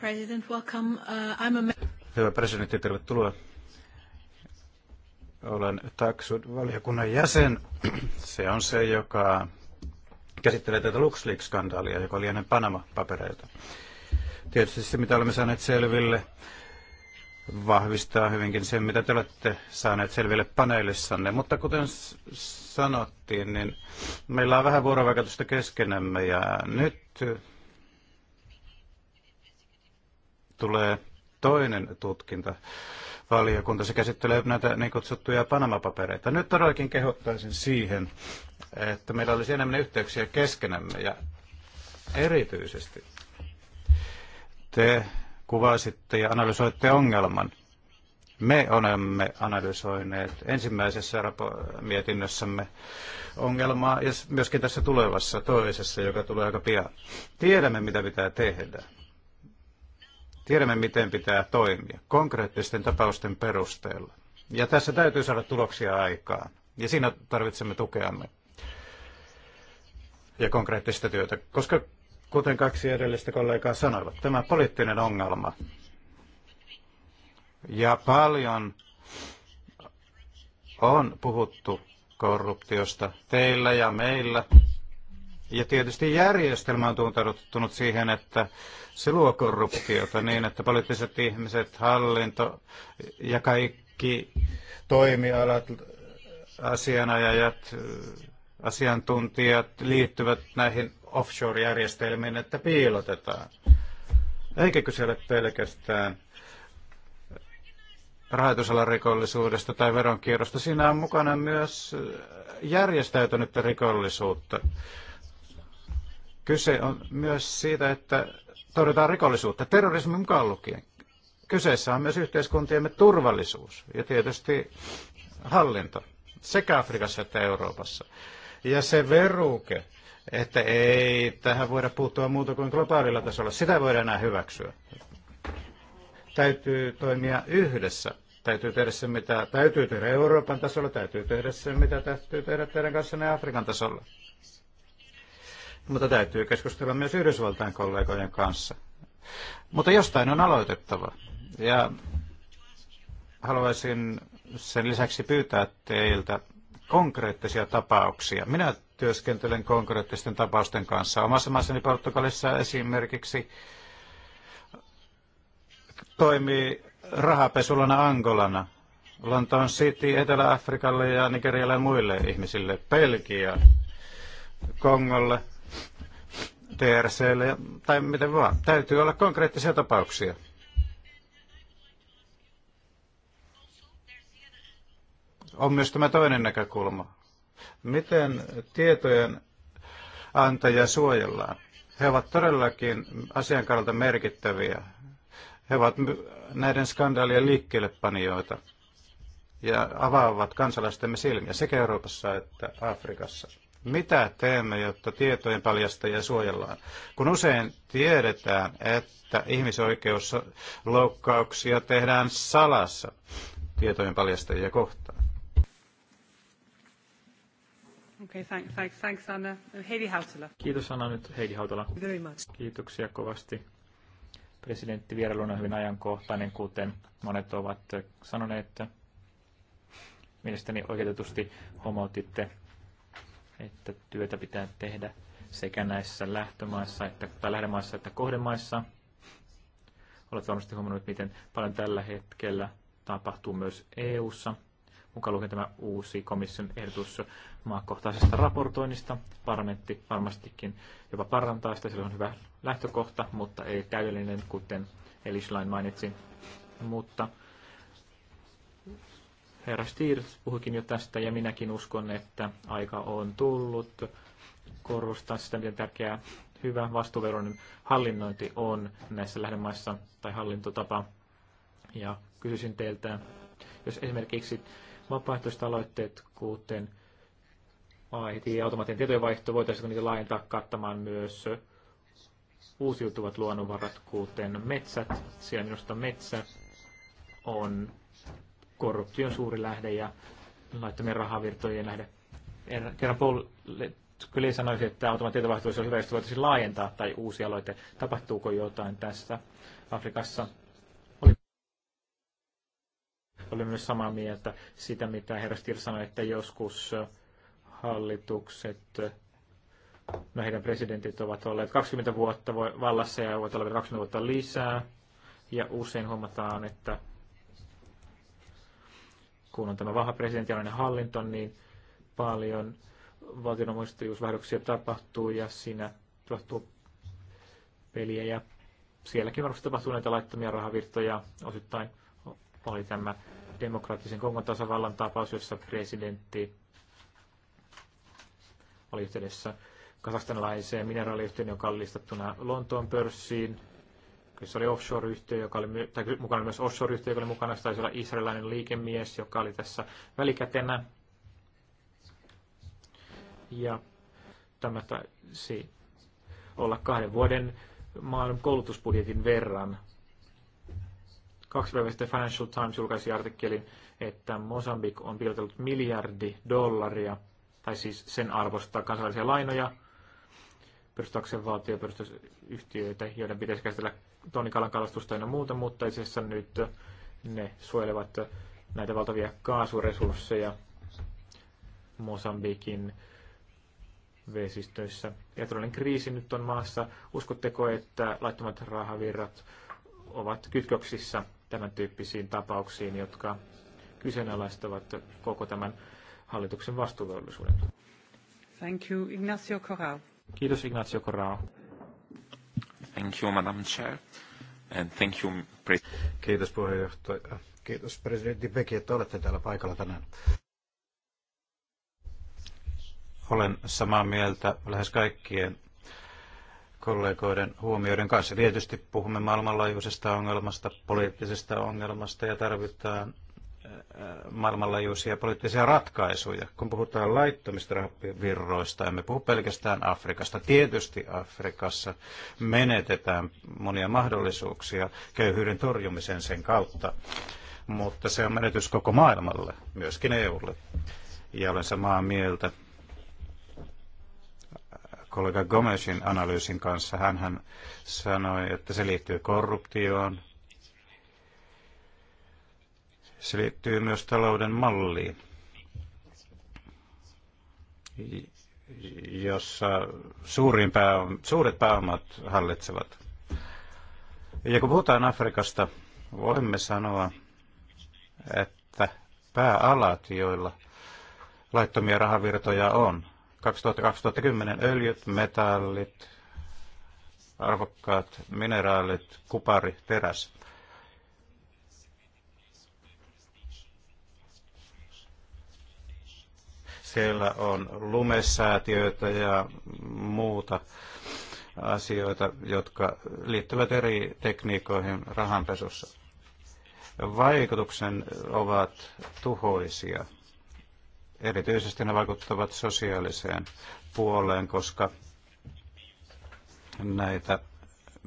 President, welcome. Uh, I'm a... Hyvä presidentti, tervetuloa. Olen Taksud-valiokunnan jäsen. Se on se, joka käsittelee tätä LuxLeaks-skandaalia, joka oli ennen Panama-papereita. Tietysti se, mitä olemme saaneet selville, vahvistaa hyvinkin sen, mitä te olette saaneet selville paneelissanne. Mutta kuten sanottiin, niin meillä on vähän vuorovaikutusta keskenämme ja nyt tulee toinen tutkinta. Valiokunta se käsittelee näitä niin kutsuttuja Panama-papereita. Nyt todellakin kehottaisin siihen, että meillä olisi enemmän yhteyksiä keskenämme ja erityisesti te kuvasitte ja analysoitte ongelman. Me olemme analysoineet ensimmäisessä mietinnössämme ongelmaa ja myöskin tässä tulevassa toisessa, joka tulee aika pian. Tiedämme, mitä pitää tehdä. Tiedämme, miten pitää toimia konkreettisten tapausten perusteella. Ja tässä täytyy saada tuloksia aikaan. Ja siinä tarvitsemme tukeamme ja konkreettista työtä. Koska kuten kaksi edellistä kollegaa sanoivat, tämä poliittinen ongelma ja paljon on puhuttu korruptiosta teillä ja meillä ja tietysti järjestelmä on tuntunut siihen, että se luo korruptiota niin, että poliittiset ihmiset, hallinto ja kaikki toimialat, asianajajat, asiantuntijat liittyvät näihin offshore-järjestelmiin, että piilotetaan. Eikä kyse ole pelkästään rahoitusalan rikollisuudesta tai veronkierrosta. Siinä on mukana myös järjestäytynyttä rikollisuutta. Kyse on myös siitä, että torjutaan rikollisuutta, terrorismin mukaan lukien. Kyseessä on myös yhteiskuntiemme turvallisuus ja tietysti hallinto sekä Afrikassa että Euroopassa. Ja se veruke, että ei tähän voida puuttua muuta kuin globaalilla tasolla, sitä ei voida enää hyväksyä. Täytyy toimia yhdessä. Täytyy tehdä se, mitä täytyy tehdä Euroopan tasolla, täytyy tehdä se, mitä täytyy tehdä teidän kanssanne Afrikan tasolla mutta täytyy keskustella myös Yhdysvaltain kollegojen kanssa. Mutta jostain on aloitettava. Ja haluaisin sen lisäksi pyytää teiltä konkreettisia tapauksia. Minä työskentelen konkreettisten tapausten kanssa. Omassa maassani Portugalissa esimerkiksi toimii rahapesulana Angolana, Lontoon City Etelä-Afrikalle ja Nigerialle ja muille ihmisille, Belgia, Kongolle, TRClle tai miten vaan. Täytyy olla konkreettisia tapauksia. On myös tämä toinen näkökulma. Miten tietojen antaja suojellaan? He ovat todellakin asian kannalta merkittäviä. He ovat näiden skandaalien liikkeellepanijoita ja avaavat kansalaistemme silmiä sekä Euroopassa että Afrikassa. Mitä teemme, jotta tietojen paljastajia suojellaan? Kun usein tiedetään, että ihmisoikeusloukkauksia tehdään salassa tietojen paljastajia kohtaan. Okay, thanks, thanks, thanks Anna. Heidi Hautala. Kiitos Anna nyt Heidi Hautala. Very much. Kiitoksia kovasti. Presidentti on hyvin ajankohtainen, kuten monet ovat sanoneet. Mielestäni oikeutetusti homoutitte että työtä pitää tehdä sekä näissä lähtömaissa että, tai lähdemaissa että kohdemaissa. Olet varmasti huomannut, miten paljon tällä hetkellä tapahtuu myös EU-ssa, mukaan lukee tämä uusi komission ehdotus maakohtaisesta raportoinnista. Parlamentti varmastikin jopa parantaa sitä, sillä on hyvä lähtökohta, mutta ei täydellinen, kuten Elislain mainitsi. Mutta Herra Stier puhuikin jo tästä ja minäkin uskon, että aika on tullut korostaa sitä, miten tärkeää hyvä vastuuveroinen hallinnointi on näissä lähdemaissa tai hallintotapa. Ja kysyisin teiltä, jos esimerkiksi vapaaehtoiset aloitteet, kuten AIT ja automaattinen tietojenvaihto, voitaisiinko niitä laajentaa kattamaan myös uusiutuvat luonnonvarat, kuten metsät. Siellä minusta metsä on korruptio on suuri lähde ja laittomien rahavirtojen lähde. Kerran Paul Kyllä sanoisi, että automaattitietovaihto olisi hyvä, jos voitaisiin laajentaa tai uusi aloite. Tapahtuuko jotain tässä Afrikassa? Oli, oli myös samaa mieltä sitä, mitä herra Stier sanoi, että joskus hallitukset, no heidän presidentit ovat olleet 20 vuotta vallassa ja voivat olla 20 vuotta lisää. Ja usein huomataan, että kun on tämä vahva presidentiaalinen hallinto, niin paljon valtionomistajuusvähdyksiä tapahtuu ja siinä tapahtuu peliä ja sielläkin varmasti tapahtuu näitä laittomia rahavirtoja. Osittain oli tämä demokraattisen Kongon tasavallan tapaus, jossa presidentti oli yhteydessä kasastanlaiseen mineraaliyhtiön, joka on listattuna Lontoon pörssiin se oli offshore-yhtiö, joka oli, tai mukana myös offshore-yhtiö, joka oli mukana. Se taisi olla israelilainen liikemies, joka oli tässä välikätenä. Ja tämä taisi olla kahden vuoden maan koulutusbudjetin verran. Kaksi päivää sitten Financial Times julkaisi artikkelin, että Mosambik on piilotellut miljardi dollaria, tai siis sen arvosta kansainvälisiä lainoja, perustaakseen valtio- ja joiden pitäisi käsitellä tonikalan kalastusta ja muuta, mutta itse asiassa nyt ne suojelevat näitä valtavia kaasuresursseja Mosambikin vesistöissä. Ja todellinen kriisi nyt on maassa. Uskotteko, että laittomat rahavirrat ovat kytköksissä tämän tyyppisiin tapauksiin, jotka kyseenalaistavat koko tämän hallituksen vastuullisuuden? Thank you, Ignacio Corral. Kiitos Ignacio Corral. Thank you, Madam Chair. And thank you, Kiitos puheenjohtaja. Kiitos presidentti Beki, että olette täällä paikalla tänään. Olen samaa mieltä lähes kaikkien kollegoiden huomioiden kanssa. Tietysti puhumme maailmanlaajuisesta ongelmasta, poliittisesta ongelmasta ja tarvitaan maailmanlaajuisia poliittisia ratkaisuja. Kun puhutaan laittomista rahavirroista, emme puhu pelkästään Afrikasta. Tietysti Afrikassa menetetään monia mahdollisuuksia köyhyyden torjumisen sen kautta, mutta se on menetys koko maailmalle, myöskin EUlle. Ja olen samaa mieltä kollega Gomesin analyysin kanssa. hän sanoi, että se liittyy korruptioon, se liittyy myös talouden malliin, jossa suurin pääom, suuret pääomat hallitsevat. Ja kun puhutaan Afrikasta, voimme sanoa, että pääalat, joilla laittomia rahavirtoja on, 2000-2010 öljyt, metallit, arvokkaat mineraalit, kupari, teräs. Siellä on lumesäätiöitä ja muuta asioita, jotka liittyvät eri tekniikoihin rahanpesussa. Vaikutuksen ovat tuhoisia. Erityisesti ne vaikuttavat sosiaaliseen puoleen, koska näitä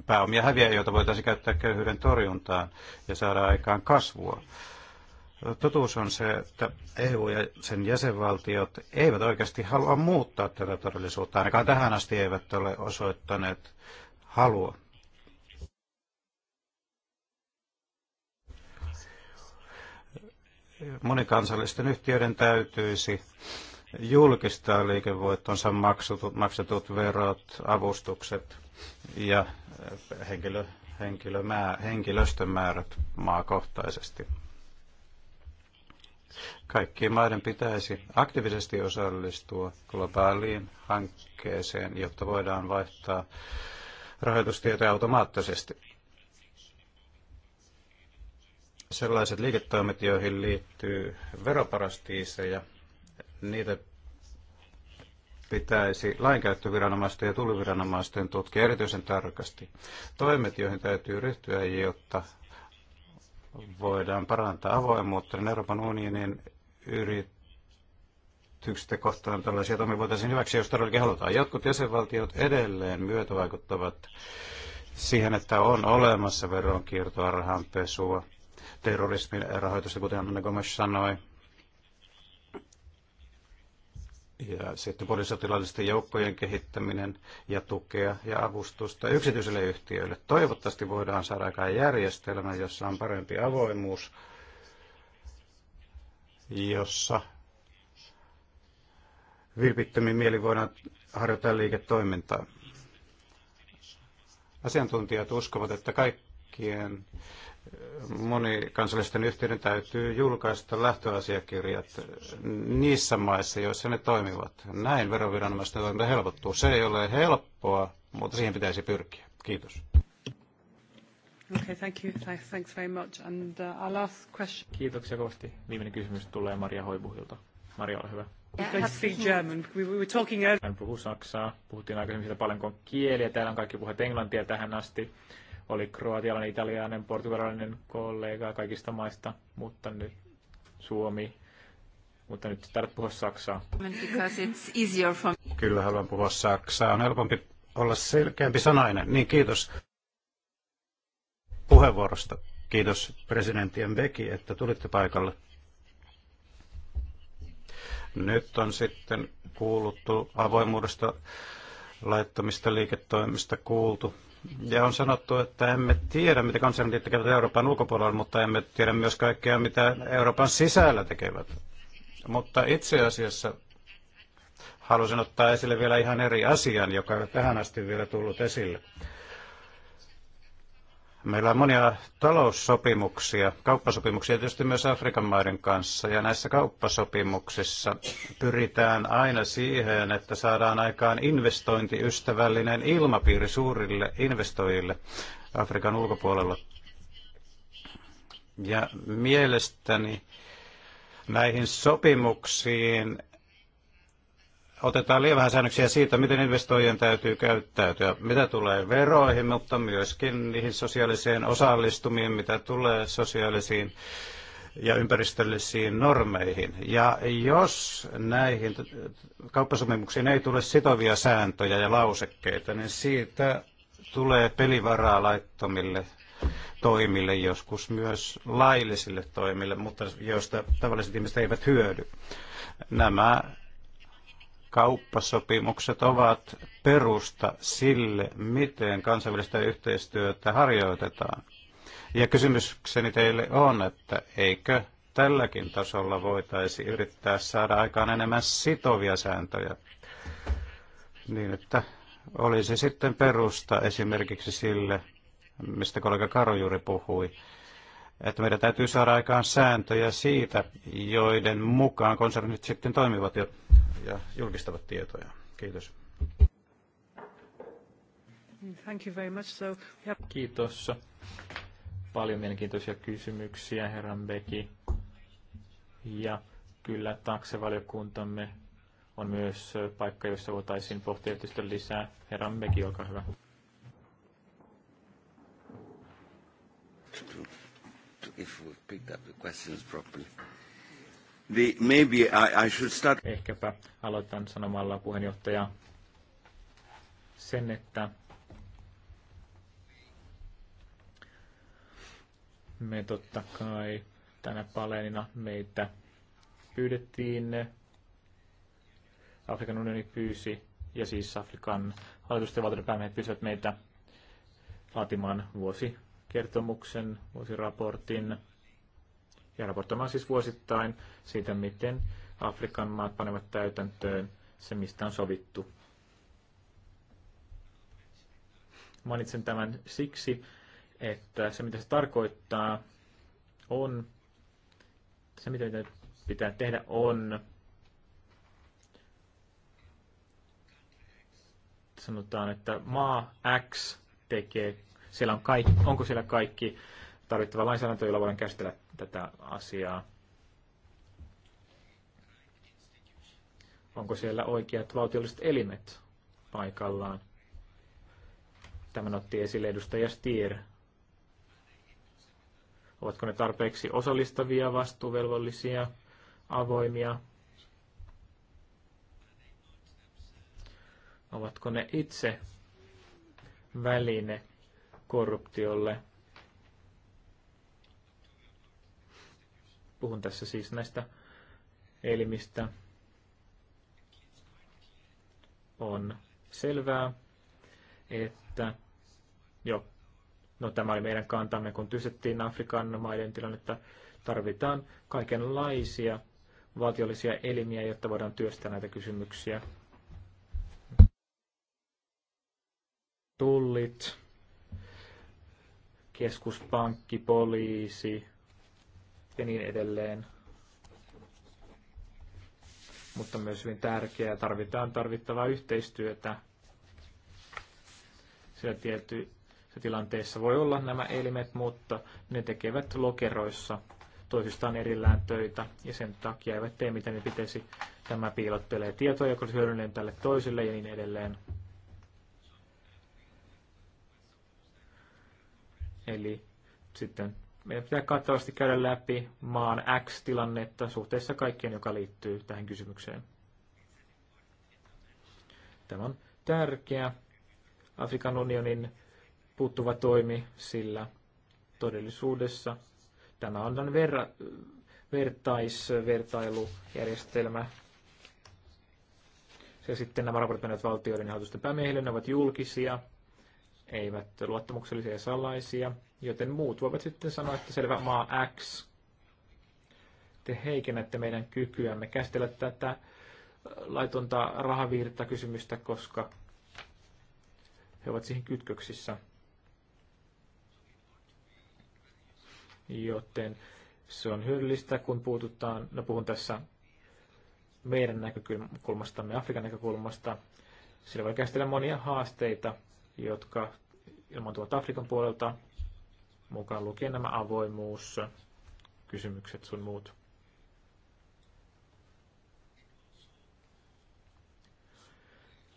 pääomia häviää, joita voitaisiin käyttää köyhyyden torjuntaan ja saada aikaan kasvua. Totuus on se, että EU ja sen jäsenvaltiot eivät oikeasti halua muuttaa tätä todellisuutta. Ainakaan tähän asti eivät ole osoittaneet halua. Monikansallisten yhtiöiden täytyisi julkistaa liikevoittonsa maksutut, maksetut verot, avustukset ja henkilö, henkilömää, henkilöstön määrät maakohtaisesti. Kaikkien maiden pitäisi aktiivisesti osallistua globaaliin hankkeeseen, jotta voidaan vaihtaa rahoitustietoja automaattisesti. Sellaiset liiketoimet, joihin liittyy veroparastiiseja, niitä pitäisi lainkäyttöviranomaisten ja tulliviranomaisten tutkia erityisen tarkasti. Toimet, joihin täytyy ryhtyä, jotta voidaan parantaa avoimuutta, niin Euroopan unionin yrityksistä kohtaan tällaisia toimia voitaisiin hyväksi, jos todellakin halutaan. Jotkut jäsenvaltiot edelleen myötävaikuttavat siihen, että on olemassa veronkiertoa, rahanpesua, terrorismin rahoitusta, kuten Anna Gomes sanoi, ja sitten poliisotilaallisten joukkojen kehittäminen ja tukea ja avustusta yksityisille yhtiöille. Toivottavasti voidaan saada aikaan järjestelmä, jossa on parempi avoimuus, jossa vilpittömin mieli voidaan harjoittaa liiketoimintaa. Asiantuntijat uskovat, että kaikkien monikansallisten yhtiöiden täytyy julkaista lähtöasiakirjat niissä maissa, joissa ne toimivat. Näin veroviranomaisten toiminta helpottuu. Se ei ole helppoa, mutta siihen pitäisi pyrkiä. Kiitos. Okay, thank you. Thanks very much. And uh, our last question. Kiitoksia kovasti. Viimeinen kysymys tulee Maria Hoibuhilta. Maria, ole hyvä. Hän puhuu saksaa. Puhuttiin aikaisemmin siitä paljonko kieliä. Täällä on kaikki puhut englantia tähän asti oli kroatialainen, italialainen, portugalainen kollega kaikista maista, mutta nyt Suomi, mutta nyt tarvitset puhua saksaa. Kyllä haluan puhua saksaa. On helpompi olla selkeämpi sanainen. Niin, kiitos puheenvuorosta. Kiitos presidentti Beki, että tulitte paikalle. Nyt on sitten kuuluttu avoimuudesta laittomista liiketoimista kuultu. Ja on sanottu, että emme tiedä, mitä kansanliit tekevät Euroopan ulkopuolella, mutta emme tiedä myös kaikkea, mitä Euroopan sisällä tekevät. Mutta itse asiassa halusin ottaa esille vielä ihan eri asian, joka ei tähän asti vielä tullut esille. Meillä on monia taloussopimuksia, kauppasopimuksia tietysti myös Afrikan maiden kanssa, ja näissä kauppasopimuksissa pyritään aina siihen, että saadaan aikaan investointiystävällinen ilmapiiri suurille investoijille Afrikan ulkopuolella. Ja mielestäni näihin sopimuksiin otetaan liian vähän säännöksiä siitä, miten investoijien täytyy käyttäytyä, mitä tulee veroihin, mutta myöskin niihin sosiaaliseen osallistumiin, mitä tulee sosiaalisiin ja ympäristöllisiin normeihin. Ja jos näihin kauppasopimuksiin ei tule sitovia sääntöjä ja lausekkeita, niin siitä tulee pelivaraa laittomille toimille, joskus myös laillisille toimille, mutta joista tavalliset ihmiset eivät hyödy. Nämä Kauppasopimukset ovat perusta sille, miten kansainvälistä yhteistyötä harjoitetaan. Ja kysymykseni teille on, että eikö tälläkin tasolla voitaisi yrittää saada aikaan enemmän sitovia sääntöjä, niin että olisi sitten perusta esimerkiksi sille, mistä kollega Karo juuri puhui, että meidän täytyy saada aikaan sääntöjä siitä, joiden mukaan konsernit sitten toimivat ja, ja julkistavat tietoja. Kiitos. Thank you very much. So, yeah. Kiitos. Paljon mielenkiintoisia kysymyksiä, herran Beki. Ja kyllä taksevaliokuntamme on myös paikka, jossa voitaisiin pohtia tietysti lisää. Herran Beki, olkaa hyvä if we picked up the questions properly. The, maybe I, I should start... Ehkäpä aloitan sanomalla puheenjohtaja sen, että me totta kai tänä paleenina meitä pyydettiin, Afrikan unioni pyysi, ja siis Afrikan hallitusten valtioiden päämiehet pyysivät meitä laatimaan vuosi kertomuksen, vuosiraportin ja raportoimaan siis vuosittain siitä, miten Afrikan maat panevat täytäntöön se, mistä on sovittu. Mainitsen tämän siksi, että se mitä se tarkoittaa on, se mitä pitää tehdä on, sanotaan, että maa X tekee siellä on kaikki, onko siellä kaikki tarvittava lainsäädäntö, jolla voidaan käsitellä tätä asiaa. Onko siellä oikeat valtiolliset elimet paikallaan? Tämän otti esille edustaja Stier. Ovatko ne tarpeeksi osallistavia, vastuuvelvollisia, avoimia? Ovatko ne itse väline korruptiolle. Puhun tässä siis näistä elimistä. On selvää, että jo, no tämä oli meidän kantamme, kun tysettiin Afrikan maiden tilannetta, tarvitaan kaikenlaisia valtiollisia elimiä, jotta voidaan työstää näitä kysymyksiä. Tullit, keskuspankki, poliisi ja niin edelleen. Mutta myös hyvin tärkeää, tarvitaan tarvittavaa yhteistyötä. Sillä tietty, se tilanteessa voi olla nämä elimet, mutta ne tekevät lokeroissa toisistaan erillään töitä ja sen takia eivät tee mitä ne pitäisi. Tämä piilottelee tietoa, joka olisi hyödyllinen tälle toiselle ja niin edelleen. Eli sitten meidän pitää kattavasti käydä läpi maan X-tilannetta suhteessa kaikkeen, joka liittyy tähän kysymykseen. Tämä on tärkeä Afrikan unionin puuttuva toimi, sillä todellisuudessa tämä on verra, vertaisvertailujärjestelmä. Ja sitten nämä raportit menevät valtioiden ja hallitusten päämiehille, ne ovat julkisia – eivät luottamuksellisia ja salaisia, joten muut voivat sitten sanoa, että selvä maa X, te heikennätte meidän kykyämme käsitellä tätä laitonta rahavirta kysymystä, koska he ovat siihen kytköksissä. Joten se on hyödyllistä, kun puututaan, no puhun tässä meidän näkökulmastamme, Afrikan näkökulmasta, sillä voi käsitellä monia haasteita, jotka ilmaantuvat Afrikan puolelta, mukaan lukien nämä avoimuus, kysymykset sun muut.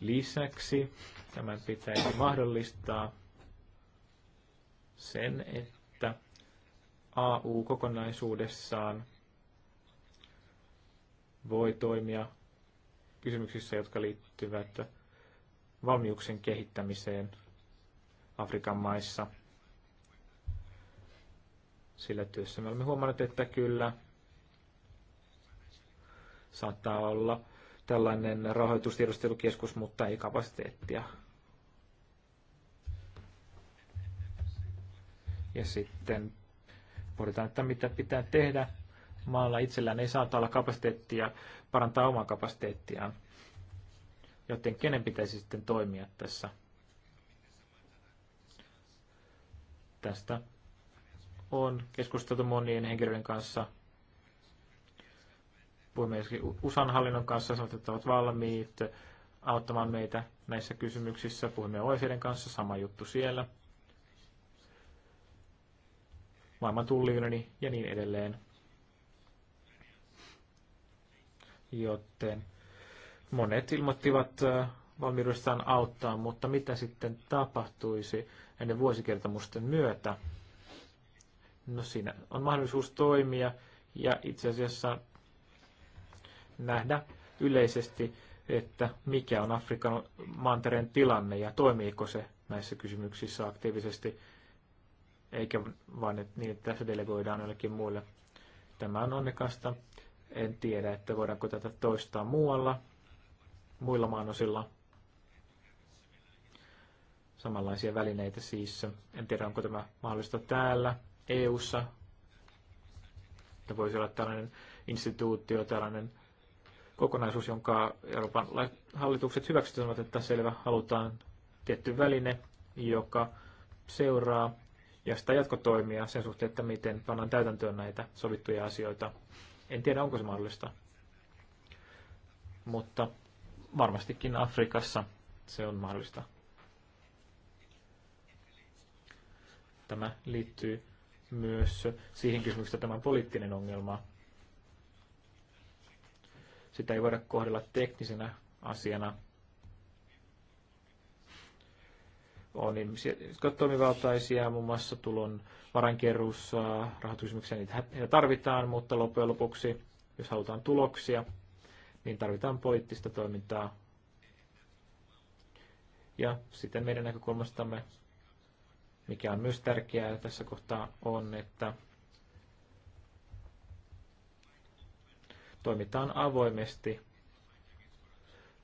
Lisäksi tämän pitäisi mahdollistaa sen, että AU kokonaisuudessaan voi toimia kysymyksissä, jotka liittyvät valmiuksen kehittämiseen – Afrikan maissa. Sillä työssä me olemme huomanneet, että kyllä saattaa olla tällainen rahoitustiedustelukeskus, mutta ei kapasiteettia. Ja sitten pohditaan, että mitä pitää tehdä. Maalla itsellään ei saata olla kapasiteettia parantaa omaa kapasiteettiaan, joten kenen pitäisi sitten toimia tässä Tästä on keskusteltu monien henkilöiden kanssa. Puhumme USAn hallinnon kanssa, sanot, että ovat valmiit auttamaan meitä näissä kysymyksissä. Puhumme OECDn kanssa, sama juttu siellä. Maailman tulliunioni ja niin edelleen. Joten monet ilmoittivat äh, valmiudestaan auttaa, mutta mitä sitten tapahtuisi ennen vuosikertomusten myötä? No siinä on mahdollisuus toimia ja itse asiassa nähdä yleisesti, että mikä on Afrikan mantereen tilanne ja toimiiko se näissä kysymyksissä aktiivisesti, eikä vain että niin, että se delegoidaan jollekin muille. Tämä on onnekasta. En tiedä, että voidaanko tätä toistaa muualla, muilla maanosilla samanlaisia välineitä siis. En tiedä, onko tämä mahdollista täällä EU-ssa, että voisi olla tällainen instituutio, tällainen kokonaisuus, jonka Euroopan hallitukset hyväksyvät, että selvä, halutaan tietty väline, joka seuraa ja sitä jatkotoimia sen suhteen, että miten pannaan täytäntöön näitä sovittuja asioita. En tiedä, onko se mahdollista, mutta varmastikin Afrikassa se on mahdollista. Tämä liittyy myös siihen kysymykseen, että tämä on poliittinen ongelma. Sitä ei voida kohdella teknisenä asiana. On ihmisiä, jotka ovat toimivaltaisia, muun muassa tulon varankeruussa, rahoituskysymyksiä, niitä tarvitaan, mutta loppujen lopuksi, jos halutaan tuloksia, niin tarvitaan poliittista toimintaa. Ja sitten meidän näkökulmastamme mikä on myös tärkeää tässä kohtaa on, että toimitaan avoimesti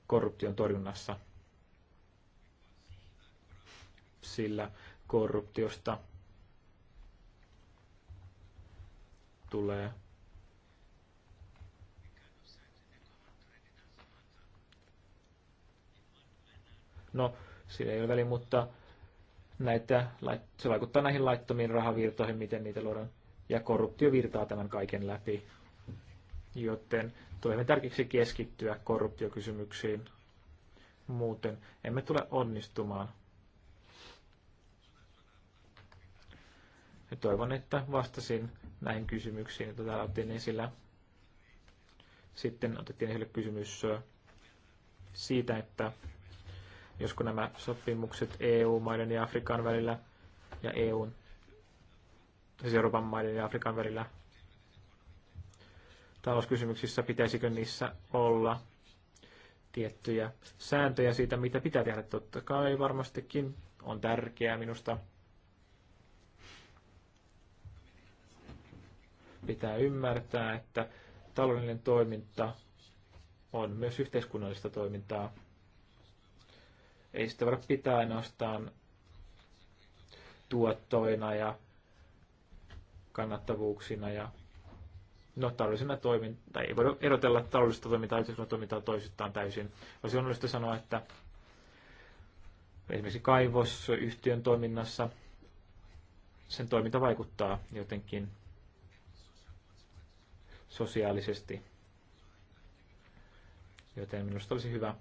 korruption torjunnassa, sillä korruptiosta tulee No, sillä ei ole väliä, mutta näitä, se vaikuttaa näihin laittomiin rahavirtoihin, miten niitä luodaan, ja korruptio virtaa tämän kaiken läpi. Joten tulemme tärkeäksi keskittyä korruptiokysymyksiin. Muuten emme tule onnistumaan. Ja toivon, että vastasin näihin kysymyksiin, joita täällä otettiin esillä. Sitten otettiin esille kysymys siitä, että josko nämä sopimukset EU-maiden ja Afrikan välillä ja EUn, siis Euroopan maiden ja Afrikan välillä talouskysymyksissä, pitäisikö niissä olla tiettyjä sääntöjä siitä, mitä pitää tehdä. Totta kai varmastikin on tärkeää minusta pitää ymmärtää, että taloudellinen toiminta on myös yhteiskunnallista toimintaa. Ei sitä voida pitää ainoastaan tuottoina ja kannattavuuksina ja no, taloudellisena toimintaa ei voida erotella taloudellista toimintaa ja yhteiskunnan toimintaa toisistaan täysin. Olisi onnollista sanoa, että esimerkiksi kaivosyhtiön toiminnassa sen toiminta vaikuttaa jotenkin sosiaalisesti. Joten minusta olisi hyvä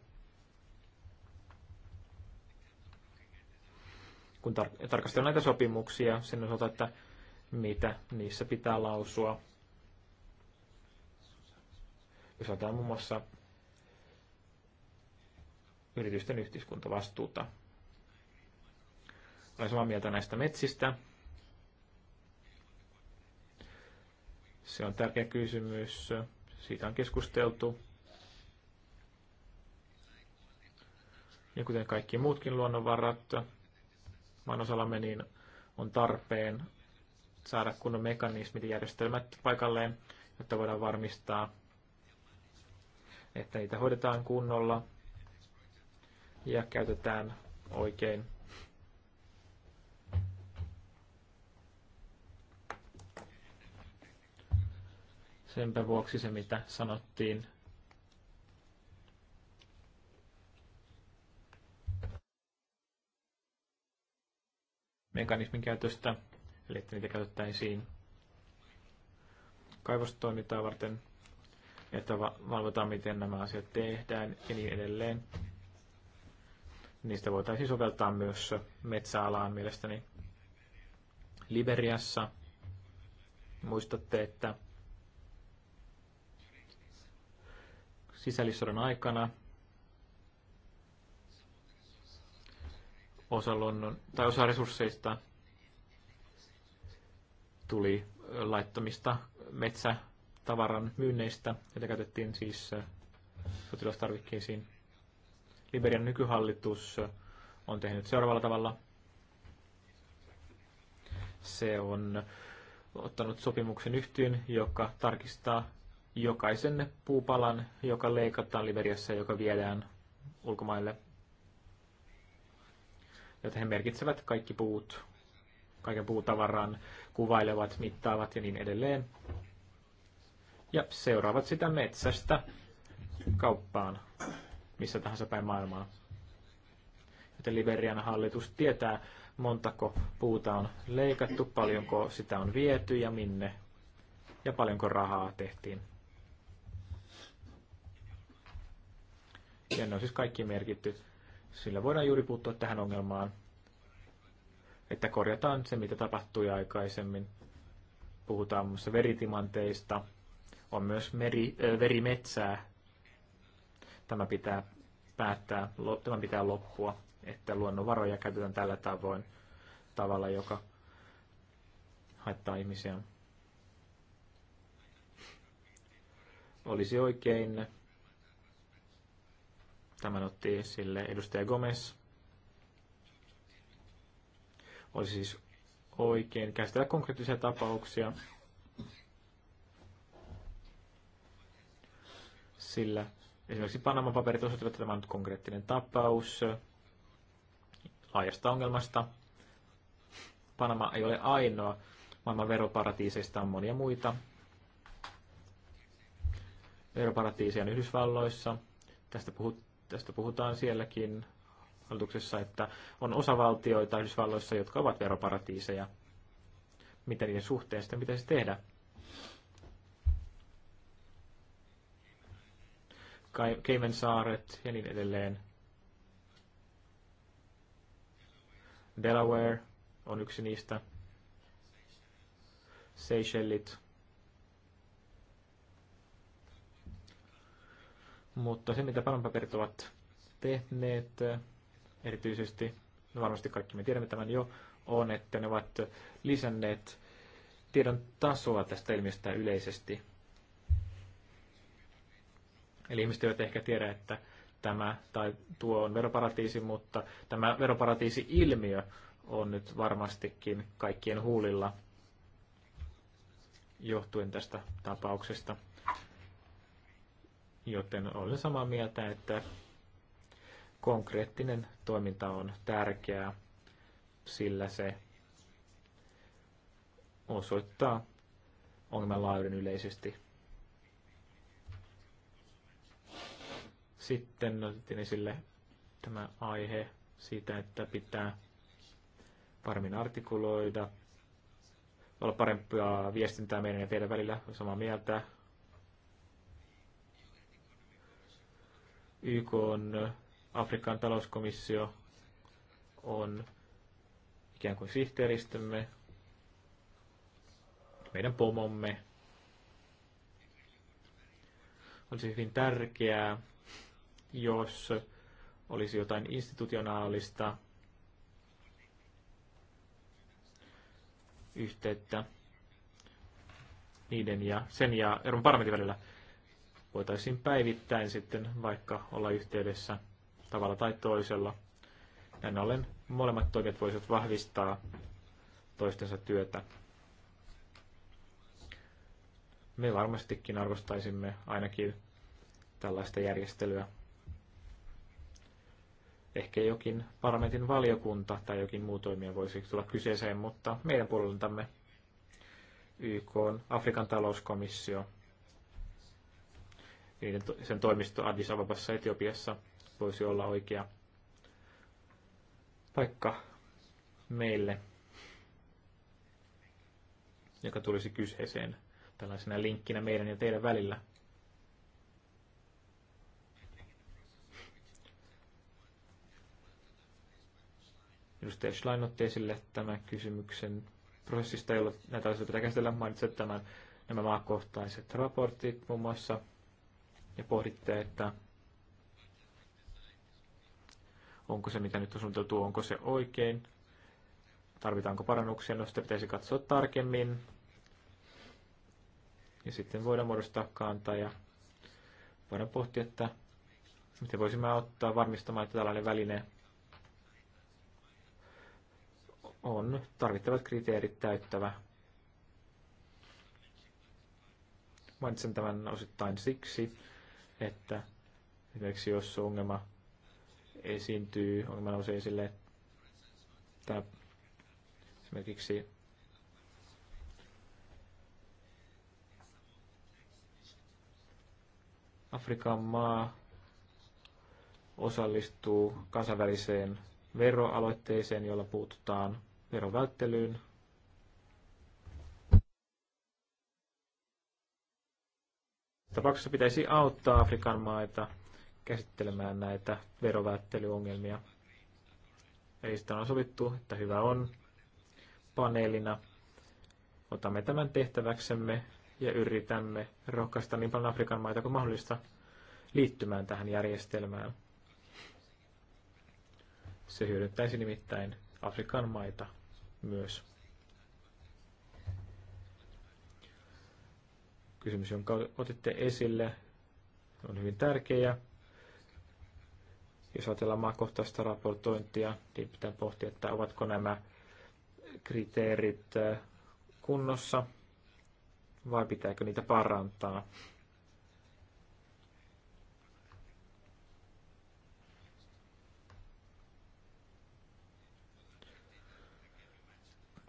kun tar- tarkastellaan näitä sopimuksia sen osalta, että mitä niissä pitää lausua. Jos otetaan muun muassa yritysten yhteiskuntavastuuta. Olen samaa mieltä näistä metsistä. Se on tärkeä kysymys. Siitä on keskusteltu. Ja kuten kaikki muutkin luonnonvarat, maan niin on tarpeen saada kunnon mekanismit ja järjestelmät paikalleen, jotta voidaan varmistaa, että niitä hoidetaan kunnolla ja käytetään oikein. Senpä vuoksi se, mitä sanottiin mekanismin käytöstä, eli että niitä käytettäisiin kaivostoimintaa varten, että valvotaan, miten nämä asiat tehdään ja niin edelleen. Niistä voitaisiin soveltaa myös metsäalaan mielestäni Liberiassa. Muistatte, että sisällissodan aikana osa luonnon, tai osa resursseista tuli laittomista metsätavaran myynneistä, joita käytettiin siis sotilastarvikkeisiin. Liberian nykyhallitus on tehnyt seuraavalla tavalla. Se on ottanut sopimuksen yhtiön, joka tarkistaa jokaisen puupalan, joka leikataan Liberiassa ja joka viedään ulkomaille joten he merkitsevät kaikki puut, kaiken puutavaran, kuvailevat, mittaavat ja niin edelleen. Ja seuraavat sitä metsästä kauppaan, missä tahansa päin maailmaa. Joten Liberian hallitus tietää, montako puuta on leikattu, paljonko sitä on viety ja minne, ja paljonko rahaa tehtiin. Ja ne on siis kaikki merkitty sillä voidaan juuri puuttua tähän ongelmaan, että korjataan se, mitä tapahtui aikaisemmin. Puhutaan muun muassa veritimanteista, on myös meri, äh, verimetsää. Tämä pitää päättää, tämän pitää loppua, että luonnonvaroja käytetään tällä tavoin tavalla, joka haittaa ihmisiä. Olisi oikein Tämän otti esille edustaja Gomez. Olisi siis oikein käsitellä konkreettisia tapauksia, sillä esimerkiksi Panaman paperit osoittivat, että tämä on nyt konkreettinen tapaus laajasta ongelmasta. Panama ei ole ainoa. Maailman veroparatiiseista on monia muita. Veroparatiiseja on Yhdysvalloissa. Tästä puhut, tästä puhutaan sielläkin hallituksessa, että on osavaltioita Yhdysvalloissa, jotka ovat veroparatiiseja. Mitä niiden suhteen sitten pitäisi tehdä? saaret ja niin edelleen. Delaware on yksi niistä. Seychellit. Mutta se, mitä paperit ovat tehneet, erityisesti, no varmasti kaikki me tiedämme tämän jo, on, että ne ovat lisänneet tiedon tasoa tästä ilmiöstä yleisesti. Eli ihmiset eivät ehkä tiedä, että tämä tai tuo on veroparatiisi, mutta tämä veroparatiisi-ilmiö on nyt varmastikin kaikkien huulilla johtuen tästä tapauksesta. Joten olen samaa mieltä, että konkreettinen toiminta on tärkeää, sillä se osoittaa ongelman laajuuden yleisesti. Sitten otettiin esille tämä aihe siitä, että pitää paremmin artikuloida, olla parempia viestintää meidän ja teidän välillä, samaa mieltä, YK on äh, Afrikan talouskomissio on ikään kuin sihteeristömme, meidän pomomme. On se siis hyvin tärkeää, jos olisi jotain institutionaalista yhteyttä niiden ja sen ja Euroopan parlamentin välillä voitaisiin päivittäin sitten vaikka olla yhteydessä tavalla tai toisella. Näin ollen molemmat toimijat voisivat vahvistaa toistensa työtä. Me varmastikin arvostaisimme ainakin tällaista järjestelyä. Ehkä jokin parlamentin valiokunta tai jokin muu toimija voisi tulla kyseeseen, mutta meidän puoleltamme YK on Afrikan talouskomissio niiden, sen toimisto Addis Ababassa Etiopiassa voisi olla oikea paikka meille, joka tulisi kyseeseen tällaisena linkkinä meidän ja teidän välillä. Edustaja Schlein otti esille tämän kysymyksen prosessista, jolla näitä asioita pitää käsitellä. Mainitsin tämän, nämä maakohtaiset raportit muun muassa – ja pohditte, että onko se, mitä nyt on suunniteltu, onko se oikein, tarvitaanko parannuksia, no sitä pitäisi katsoa tarkemmin. Ja sitten voidaan muodostaa kanta ja voidaan pohtia, että miten voisimme auttaa varmistamaan, että tällainen väline on tarvittavat kriteerit täyttävä. Mainitsen tämän osittain siksi, että esimerkiksi jos ongelma esiintyy, ongelma nousee esille, että esimerkiksi Afrikan maa osallistuu kansainväliseen veroaloitteeseen, jolla puututaan verovälttelyyn Tapauksessa pitäisi auttaa Afrikan maita käsittelemään näitä verovälttelyongelmia. Eli sitä on sovittu, että hyvä on paneelina. Otamme tämän tehtäväksemme ja yritämme rohkaista niin paljon Afrikan maita kuin mahdollista liittymään tähän järjestelmään. Se hyödyttäisi nimittäin Afrikan maita myös. kysymys, jonka otitte esille, on hyvin tärkeä. Jos ajatellaan maakohtaista raportointia, niin pitää pohtia, että ovatko nämä kriteerit äh, kunnossa vai pitääkö niitä parantaa.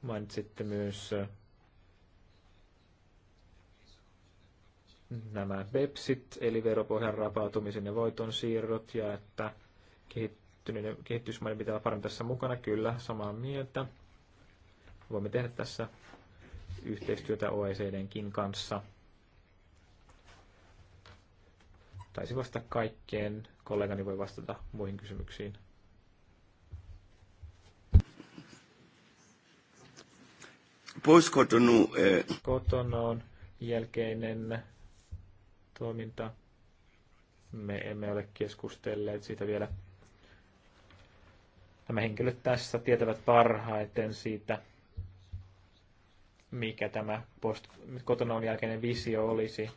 Mainitsitte myös äh, nämä BEPSit, eli veropohjan rapautumisen ja voiton siirrot, ja että kehittyneiden kehitysmaiden pitää olla paremmin tässä mukana. Kyllä, samaa mieltä. Voimme tehdä tässä yhteistyötä OECDnkin kanssa. Taisi vastata kaikkeen. Kollegani voi vastata muihin kysymyksiin. Pois kotonu. Eh. Kotonoon jälkeinen toiminta. Me emme ole keskustelleet siitä vielä. Nämä henkilöt tässä tietävät parhaiten siitä, mikä tämä post kotona on jälkeinen visio olisi.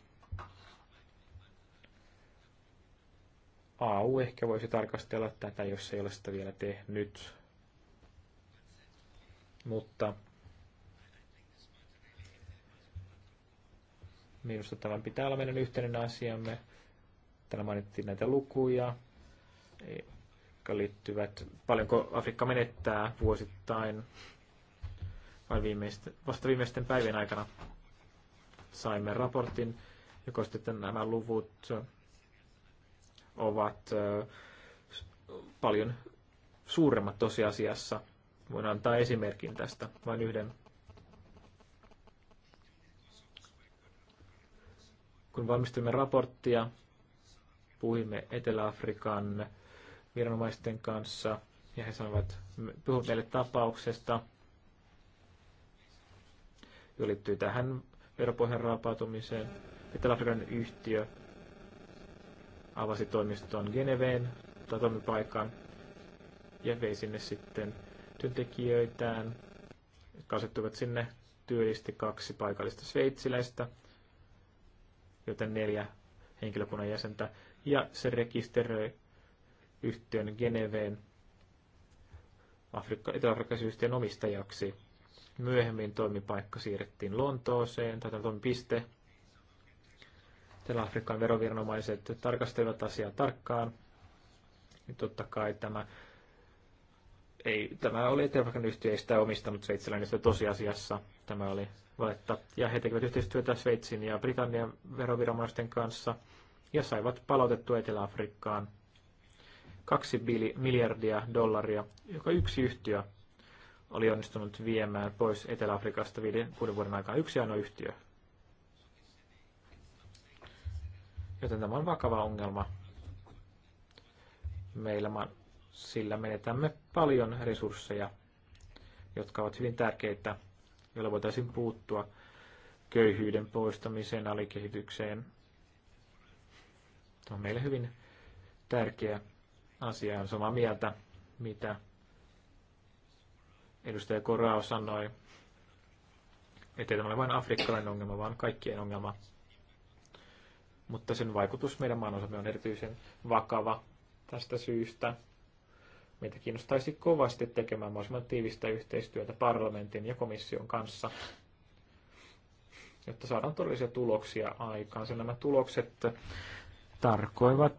AU ehkä voisi tarkastella tätä, jos ei ole sitä vielä tehnyt. Mutta Minusta tämän pitää olla meidän yhteinen asiamme. Täällä mainittiin näitä lukuja, e, jotka liittyvät, paljonko Afrikka menettää vuosittain. Vai viimeisten, vasta viimeisten päivien aikana saimme raportin, joka sitten nämä luvut ovat e, paljon suuremmat tosiasiassa. Voin antaa esimerkin tästä, vain yhden Kun valmistimme raporttia, puhuimme Etelä-Afrikan viranomaisten kanssa ja he sanoivat, puhut meille tapauksesta, joka liittyy tähän veropohjan raapautumiseen. Etelä-Afrikan yhtiö avasi toimiston Geneveen tai toimipaikan ja vei sinne sitten työntekijöitään, jotka asettuivat sinne työllisti kaksi paikallista sveitsiläistä, joten neljä henkilökunnan jäsentä, ja se rekisteröi yhtiön Geneveen Afrikka, Etelä-Afrikkaisen yhtiön omistajaksi. Myöhemmin toimipaikka siirrettiin Lontooseen, tai piste Etelä-Afrikan veroviranomaiset tarkastelivat asiaa tarkkaan. Ja totta kai tämä ei, tämä oli Etelä-Afrikan yhtiö, ei sitä omistanut sveitsiläinen niin tosiasiassa. Tämä oli valetta. Ja he tekivät yhteistyötä Sveitsin ja Britannian veroviranomaisten kanssa ja saivat palautettua Etelä-Afrikkaan 2 miljardia dollaria, joka yksi yhtiö oli onnistunut viemään pois Etelä-Afrikasta viiden, kuuden vuoden aikana. Yksi ainoa yhtiö. Joten tämä on vakava ongelma meillä sillä menetämme paljon resursseja, jotka ovat hyvin tärkeitä, joilla voitaisiin puuttua köyhyyden poistamiseen, alikehitykseen. Tämä on meille hyvin tärkeä asia. On samaa mieltä, mitä edustaja Korao sanoi, että tämä ole vain afrikkalainen ongelma, vaan kaikkien ongelma. Mutta sen vaikutus meidän maanosamme on erityisen vakava tästä syystä. Meitä kiinnostaisi kovasti tekemään mahdollisimman tiivistä yhteistyötä parlamentin ja komission kanssa, jotta saadaan todellisia tuloksia aikaan. Sillä nämä tulokset tarkoivat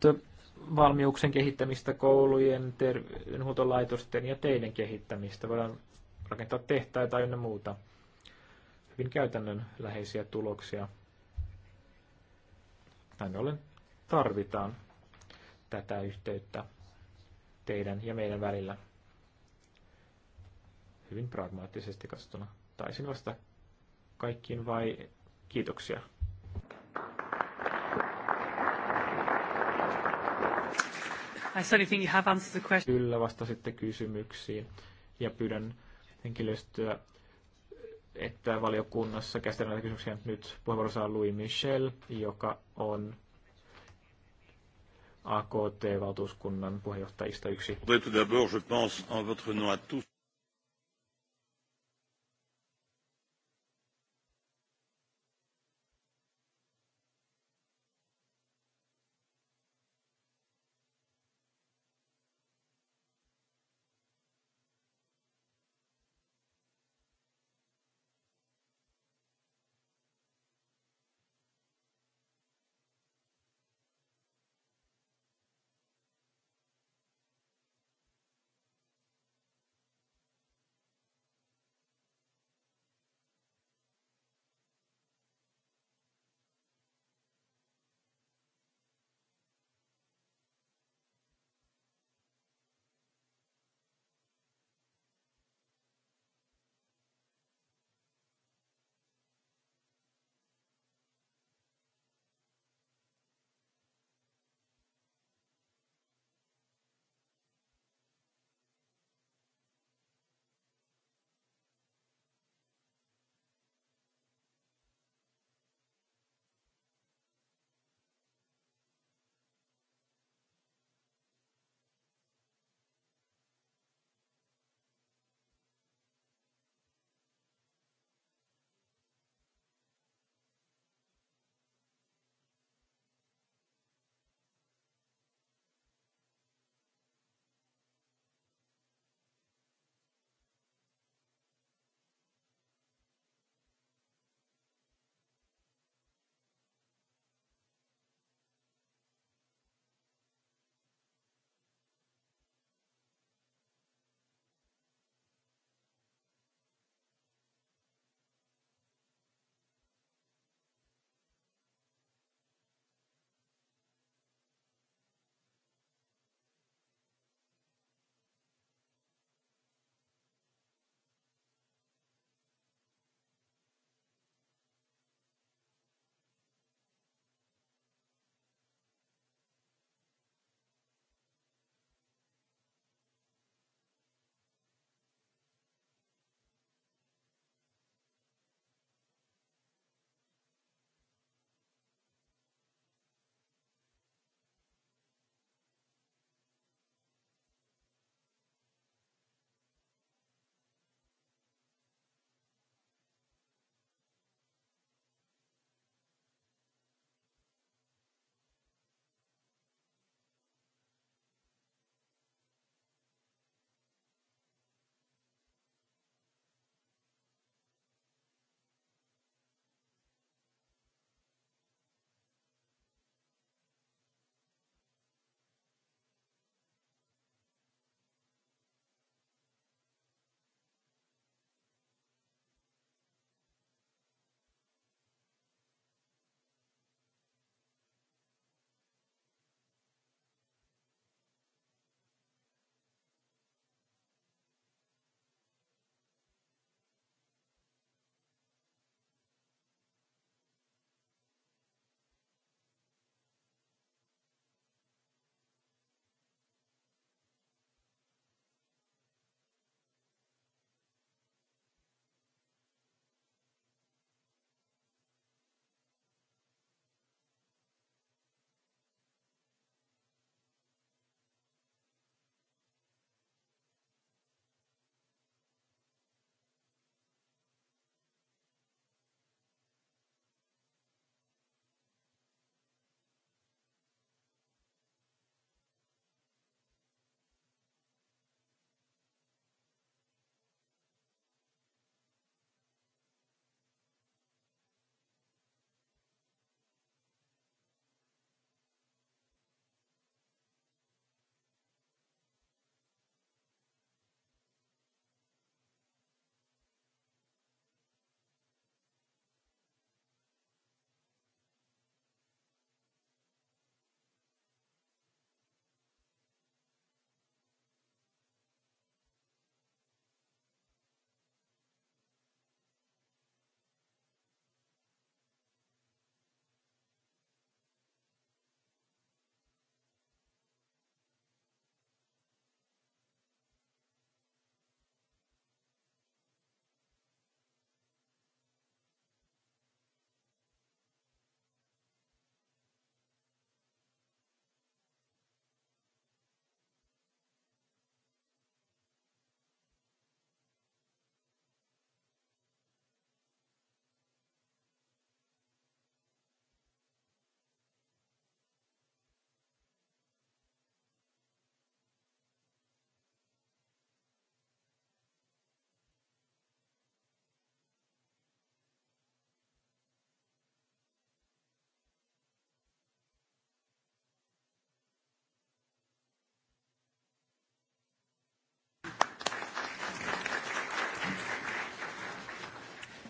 valmiuksen kehittämistä koulujen, terveydenhuoltolaitosten ja teiden kehittämistä. Voidaan rakentaa tai ynnä muuta. Hyvin käytännön läheisiä tuloksia. Näin ollen tarvitaan tätä yhteyttä teidän ja meidän välillä. Hyvin pragmaattisesti katsottuna. Taisin vasta kaikkiin vai kiitoksia. I certainly think you have answered the question. Kyllä vastasitte kysymyksiin ja pyydän henkilöstöä, että valiokunnassa käsitellään näitä kysymyksiä. Nyt puheenvuoro saa Louis Michel, joka on AKT-valtuuskunnan puheenjohtajista yksi.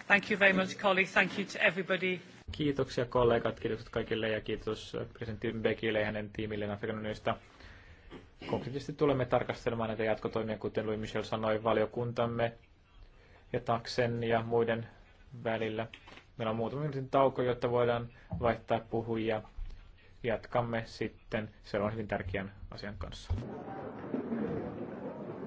Thank you very much, colleagues. Thank you to everybody. Kiitoksia kollegat, kiitokset kaikille ja kiitos äh, presidentti Bekille ja hänen tiimilleen Afrikan unionista. Konkreettisesti tulemme tarkastelemaan näitä jatkotoimia, kuten Louis Michel sanoi, valiokuntamme ja taksen ja muiden välillä. Meillä on muutama minuutin tauko, jotta voidaan vaihtaa puhujia. Jatkamme sitten seuraavan hyvin tärkeän asian kanssa.